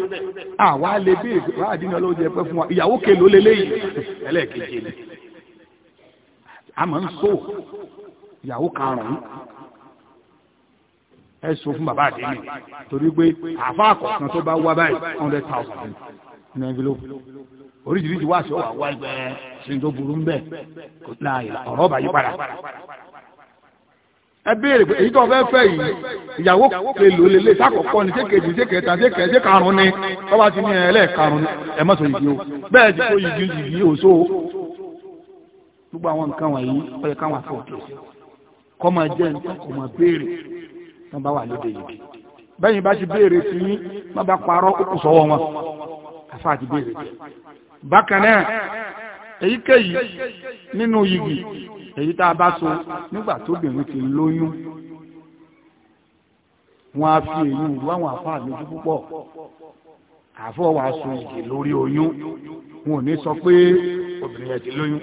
àwa lè bí ìgbà àdínì ọlọ́jọ́ ẹ̀pẹ́ fún wa ìyàwó kèlò lélẹ́yìn ẹlẹ́ẹ̀kejì ni a máa ń so ìyàwó karùn-ún ẹ sọ fún bàbá àdéhùn torí pé àfa àkọ̀kan tó bá wá báyìí hundred thousand ní envelope oríṣiríṣi wá sí ọ̀wà wá ẹgbẹ́ sí tó burú ń bẹ̀ kò láàyè ọ̀rọ̀ bá yí padà ẹ béèrè pé èyí tó fẹ́ fẹ́ yìí ìyàwó lè lò lè lè sákòókò ní sékèjì sékèta sékèjì sékarùn ni ọba ti ní ẹ lẹ́ẹ̀karùn ni ẹ má sọ yìí o bẹ́ẹ̀ ti kó yìí yìí òṣó gbogbo àwọn nǹkan wọ̀nyí ó yẹ káwọn àfọ̀tò kọ́ máa jẹ́ nǹkan kò máa béèrè wọ́n bá wà lóde yìí bẹ́yìn bá ti béèrè sí yín wọ́n bá parọ́ òkú sọ́wọ́ wọn afá àti béèrè sí bákan náà èyíkéyìí nínú yìgì èyí tá a bá so nígbà tóbìnrin ti lóyún wọn á fi èyí ìlú àwọn afá àlójú púpọ̀ àfọwà so yìgì lórí oyún wọn ò ní sọ pé obìnrin ẹ̀ ti lóyún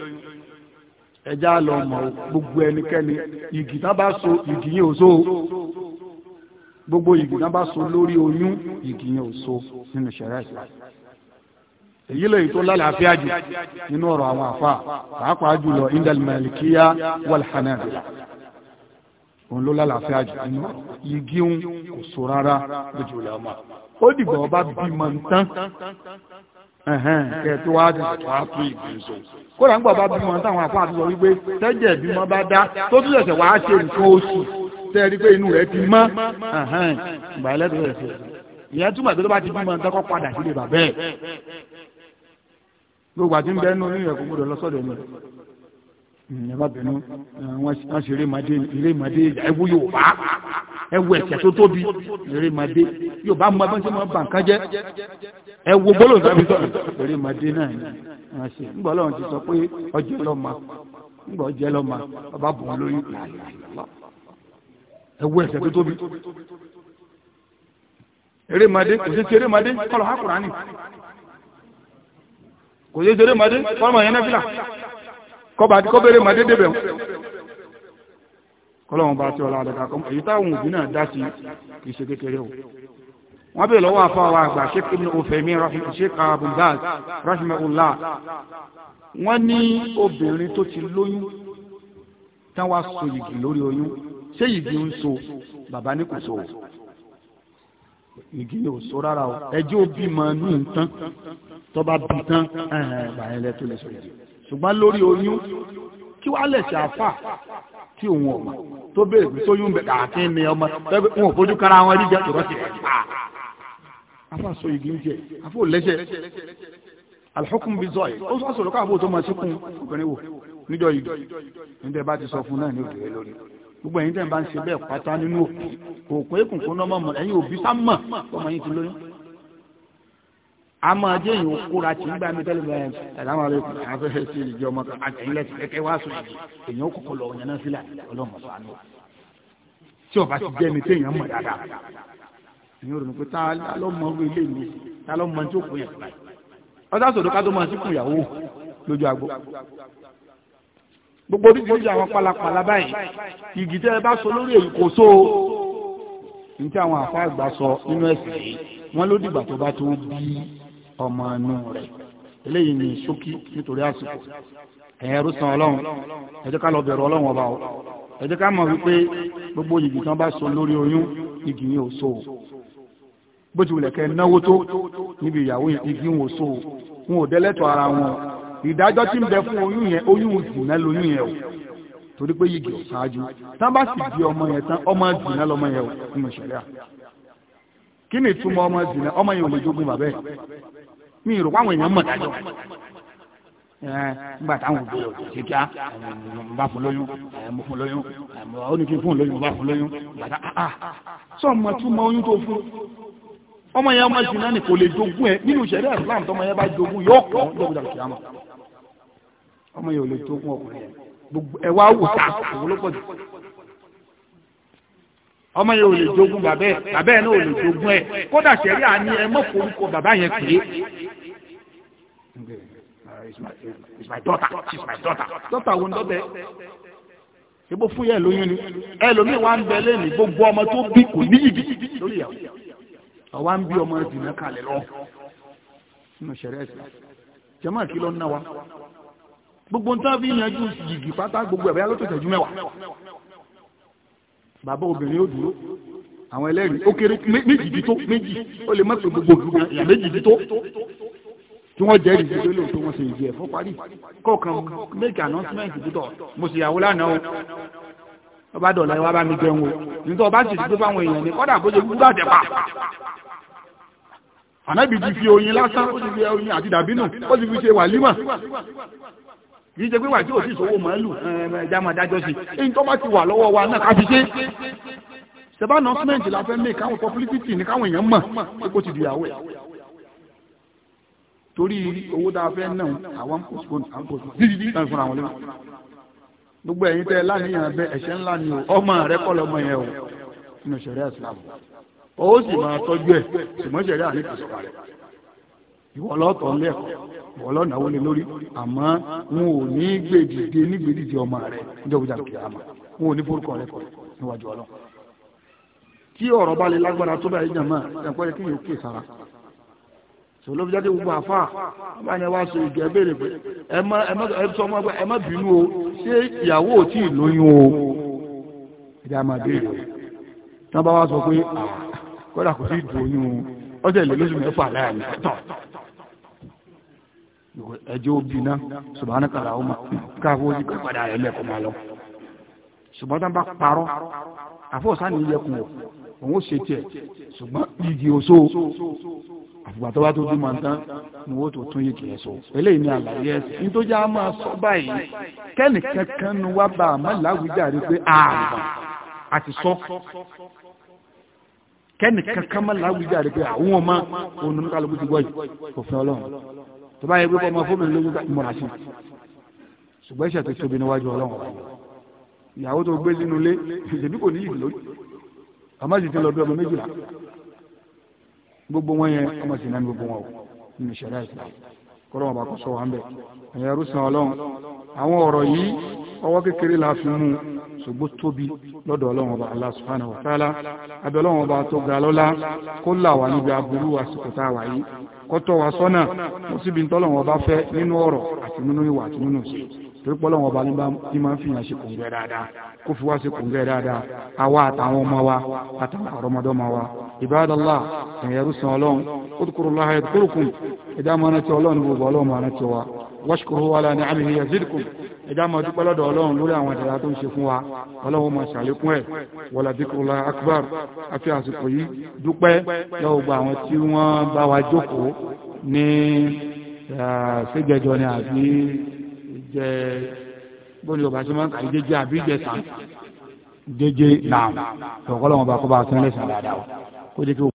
ẹjá lọ mọ̀ gbogbo ẹnikẹ́ni yìgì tá bá so yìgì yìí ò so gbogbo igi náà bá so lórí oyún igi yẹn ò so nínú ṣẹ̀rẹ́ ìsìlá èyí lè tó lálàáfíà jù nínú ọ̀rọ̀ àwọn àfà pàápàá jùlọ indal malikiya wal hanabila òun ló lálàáfíà jù nínú igi ń kò so rárá lójú ilẹ̀ ọmọ ó dìgbà ọba bímọ tán kẹ tó ti sọ àpò ìgbìnso kódà ń ọba bímọ táwọn àfà àti sọ wípé tẹ́jẹ̀ bímọ bá dá tó tún ṣẹ̀ṣẹ̀ wàá ṣe nǹkan oṣù tẹ́rí pé inú rẹ̀ ti mọ́ ìgbà ẹlẹ́dọ̀ rẹ̀ fẹ́ ìyẹn túmọ̀ pé tó bá ti bímọ dọ́kọ́ padà sílé bàbá ẹ̀ gbogbo àti ń bẹ nínú ìyẹn kò gbọdọ̀ lọ́sọ̀dọ̀ hmm, ẹ̀ ẹ bá bẹnu wọn ṣe erémadé erémadé ẹwú yorùbá ẹwú ẹsẹ tó tóbi erémadé yorùbá mọ abẹ́ńsí mọ bàǹkan jẹ ẹwú gbólóhùn sábẹ́ sọ̀rọ̀ erémadé náà ni wọn ṣe ńgbà ọlọ́run ti sọ pé ọjọ́ lọ́ọ́ ma ńgbà ọjọ́ lọ́ọ́ ma ọba bùn lórí làlàlọ́ ẹwọ ẹsẹ̀ tó tóbi erémadé kò sí ti erémadé kọlọ hakurani kò sí ti erémadé kọlọ mọ yẹnẹfìlà kọba àti kọbẹrẹ madé débẹ o kọlọ wọn bá tí ọlá àdàkà kọ èyí táwọn òbí náà dá sí kìí ṣe kékeré o wọ́n bèèrè lọ́wọ́ afọ́ wa àgbà sheik ibn ofemi sheik abubaz rahimahullah wọ́n ní obìnrin tó ti lóyún tán wá so yìgì lórí oyún ṣé igi ń so bàbá ní kò so o igi ò so rárá o ẹjọ́ òbí máa nù ń tán tọ́ba bì tán bàyẹn lẹ tó lè sọ yìí ṣùgbọ́n lórí oyún kí wàá lẹ̀ ṣe àfà tí òun ọ̀mà tó béèrè pé sóyún bẹ̀ kàkín ni ọmọ tẹ́gbẹ́ wọn ò fojú kára wọn rí jẹ́ tòrọ́ sí ẹ̀ afa so igi ń jẹ afa ò lẹ́sẹ̀ alhukum bi zọ yìí ó sọ sọ̀rọ̀ káàbò tó máa ṣe kún obìnrin wò níjọ yìí níjọ bá ti sọ fún náà ní òkèèrè lórí gbogbo ẹ̀yin tẹ́ ń bá ń ṣe bẹ́ẹ̀ pátá nínú òkú òkú èkùnkùn náà mọ̀ ẹ̀yin òbí sámọ̀ ọmọ yín ti lóyún. àmọ́ ajé yìí kóra tí ń gbà mí tẹ́lẹ̀ bẹ́ẹ̀ ẹ̀dáwọn ará ìkùn afẹ́fẹ́ sí ìdíje ọmọ kan àtẹ̀yìnlẹ̀ ti kẹ́kẹ́ wá sùn yìí èyàn kọ̀kọ́ lọ ọ̀yàn náà sílẹ̀ ọlọ́mọ̀sán tí ọba ti jẹ́ mi téèyàn mọ̀ dáadáa èyàn rò ní pé tá ló mọ orí ilé mi tá ló mọ tí ó kù yẹn ọjà sọ̀dọ̀ ká tó máa síkùn ìyàwó lójú agbo gbogbo oríṣiríṣi àwọn palapàla báyìí igi tẹ́ ẹ bá so lórí èyí kò so ní tí àwọn àfa àgbà sọ nínú ẹ̀sìn yìí wọ́n ló dìgbà tó bá tó bí ọmọ inú rẹ̀ eléyìí ní ṣókí nítorí àsìkò ẹ̀yẹ rúsan ọlọ́run ẹ jẹ́ ká lọ bẹ̀rù ọlọ́run ọba o ẹ jẹ́ ká mọ̀ wípé gbogbo igi tí wọ́n bá so lórí oyún igi yìí ò so o bó ti náwó tó níbi ìyàwó igi ń wò so o wọn ò dẹ́lẹ́tọ̀ ara wọn ìdájọ́ tí ń bẹ fún oyún yẹn oyún zìnà lóyún yẹn o torí pé yìgì ò ṣáájú tá bá sì di ọmọ yẹn tán ọmọ zìnà lọmọ yẹn o nínú ṣẹ̀ríà kí ni ìtumọ̀ ọmọ zìnà ọmọ yẹn ò lè jogún bàbá mi ìrò pàwọn èèyàn mọ̀ dájọ́ nígbà táwọn òbí ṣe kíá bá fún lóyún mo fún lóyún ó ní kí n fún lóyún bá fún lóyún bàtà sọ ah, ah, ah, ọmọ túmọ̀ oyún tó fún ọmọ yẹn ọmọ ìsìn náà ni kò lè jogún ẹ nínú ìṣẹ̀lẹ̀ Islam tọmọ yẹn bá jogún yóò kọ́ lọ́wọ́ dàrú kìámà ọmọ yẹn ò lè jogún ọkùnrin yẹn gbogbo ẹ wá wò ta òwò jù ọmọ yẹn ò lè jogún bàbá ẹ bàbá ẹ náà ò lè jogún ẹ kódà sẹ́rí àní ẹ mọ̀ bàbá yẹn pé it's my daughter she's my daughter daughter wo ń dọ́ bẹ́ẹ̀ ṣebó fún yẹ lóyún ni ẹ lómi wa ń bẹ lẹ́nu gbogbo ọmọ tó bí kò níyì àwa ń bí ọmọ ìdìnnà kalẹ̀ lọ nínú ṣẹ̀rẹ́ ẹ̀sìn jẹ́mọ́ kí ló ń ná wa gbogbo nǹkan fi yanjú yìgì pátá gbogbo ẹ̀bẹ́ ló tẹ̀sẹ̀ ju mẹ́wàá bàbá obìnrin ó dúró àwọn ẹlẹ́rìí ó kéré méjì bí tó méjì ó lè má pé gbogbo ìyà méjì bí tó tí wọ́n jẹ́ ìdíje lóòótọ́ tí wọ́n ṣe ìdí ẹ̀ fún parí kọ̀ọ̀kan make announcement bí mo sì yàwó lánàá o ọba dọ̀là ẹ wá bá mi jẹun o nítorí ọba sì dúpẹ́ fáwọn èèyàn ní kọ́dà bójú gbúgbà tẹ̀pà ànábì ti fi oyin lásán ó ti fi oyin àti dàbínú ó ti fi ṣe wàlímà kì í ṣe pé wà tí ò sí ìṣòwò màálù ẹja máa dájọ́ sí èyí tó bá ti wà lọ́wọ́ wa náà ká fi ṣe ṣẹba announcement la fẹ́ mẹ́ káwọn publicity ní káwọn èèyàn mọ̀ pé kó ti dìyàwó ẹ̀ torí owó tá a fẹ́ náà àwọn postpone àwọn postpone dídí náà fúnra wọn lẹ́wọ̀n gbogbo ẹ̀yin tẹ láníyàn bẹ ẹsẹ ńlá ni o ọmọ rẹ kọ́ lọ́mọ yẹn o nínú Islam o ó sì máa tọ́jú ẹ̀ ṣùgbọ́n ṣẹ̀ríà ní rẹ̀ ìwọ lọ́tọ̀ ń ìwọ lórí ò ní ní ọmọ rẹ níjọba ò ní ọlọ tí bá lè sara so ló fi jáde gbogbo àfà ọba ni ẹ wá so ìjẹ béèrè pé ẹ má ẹ má ẹ sọ ọmọ ẹgbẹ ẹ má bínú o ṣé ìyàwó ò tí ì lóyún o ìdá máa béèrè o tí wọn bá wá sọ pé kódà kò sí ìdù oyún o ọjọ ìlú lóṣù mẹ́fà láàrin tọ ẹjọ obìnrin ṣùgbọ́n kàlà ọmọ káàbọ̀ ojú pé padà rẹ lẹ́kọ̀ọ́ máa lọ ṣùgbọ́n tí wọn bá parọ́ àfọ̀sánìyẹkùn òun ó ṣe tiẹ̀ ṣùgbọ́n ìdí òṣó àtìgbà tó bá tó bí máa tán ni wó tó tún yìí sọ eléyìí ni àlàyé ẹ̀sìn ní tó já máa sọ báyìí kẹ́nì kankan nu wá bá àmọ́ láwùjáre pé ààbà àti sọ kẹ́nì kankan mọ́ láwùjáre pé àwọn ọmọ òun nínú kálukú ti gbọ́yì òfin ọlọ́run tó bá yẹ pé ọmọ fún mi lógún gbogbo wọn yẹn ọmọ sì náà ní gbogbo wọn o nínú ìṣẹ̀lẹ̀ islam kọlọ wọn bá kọ sọ wọn bẹ ẹyẹ rúṣan Ọlọ́run àwọn ọ̀rọ̀ yìí ọwọ́ kékeré la fi mú ṣùgbọ́n tóbi lọ́dọ̀ Ọlọ́run ọba Allah subhanahu wa ta'ala abẹ Ọlọ́run ọba tó ga lọ́lá kó là wà níbi aburú àsìkò tá a wà yìí kó tọ́ wa sọ́nà kó síbi ntọ́lọ́run ọba fẹ́ nínú ọ̀rọ̀ àti nínú ìwà àti nínú ìṣe torípọ́ lọ́wọ́ ọba ní bá tí máa ń fi hàn ṣe kòǹgẹ́ dáadáa kó fi wá ṣe kòǹgẹ́ dáadáa àwa àtàwọn ọmọ wa àtàwọn àrọmọdọ́mọ wa ìbádọ́lá ẹ̀yẹrú san ọlọ́run ó ti kúrò láhàá ẹ̀ kúrùkùn ẹ̀dá máa rántí ọlọ́run gbogbo ọlọ́run máa rántí wa wáṣíkòrò wa láàrin àmì yazidkum ẹ̀dá máa dúpẹ́ lọ́dọ̀ ọlọ́run lórí àwọn ìdára tó ń ṣe fún wa ọlọ́run jẹ bóyá ọba ṣe máa ń kà jẹjẹ àbí jẹsàn jẹjẹ náà tọkọlọ́wọ́n bá kọ́ bá sọ ẹ́ lẹ́sàn dáadáa kó jẹ́ kí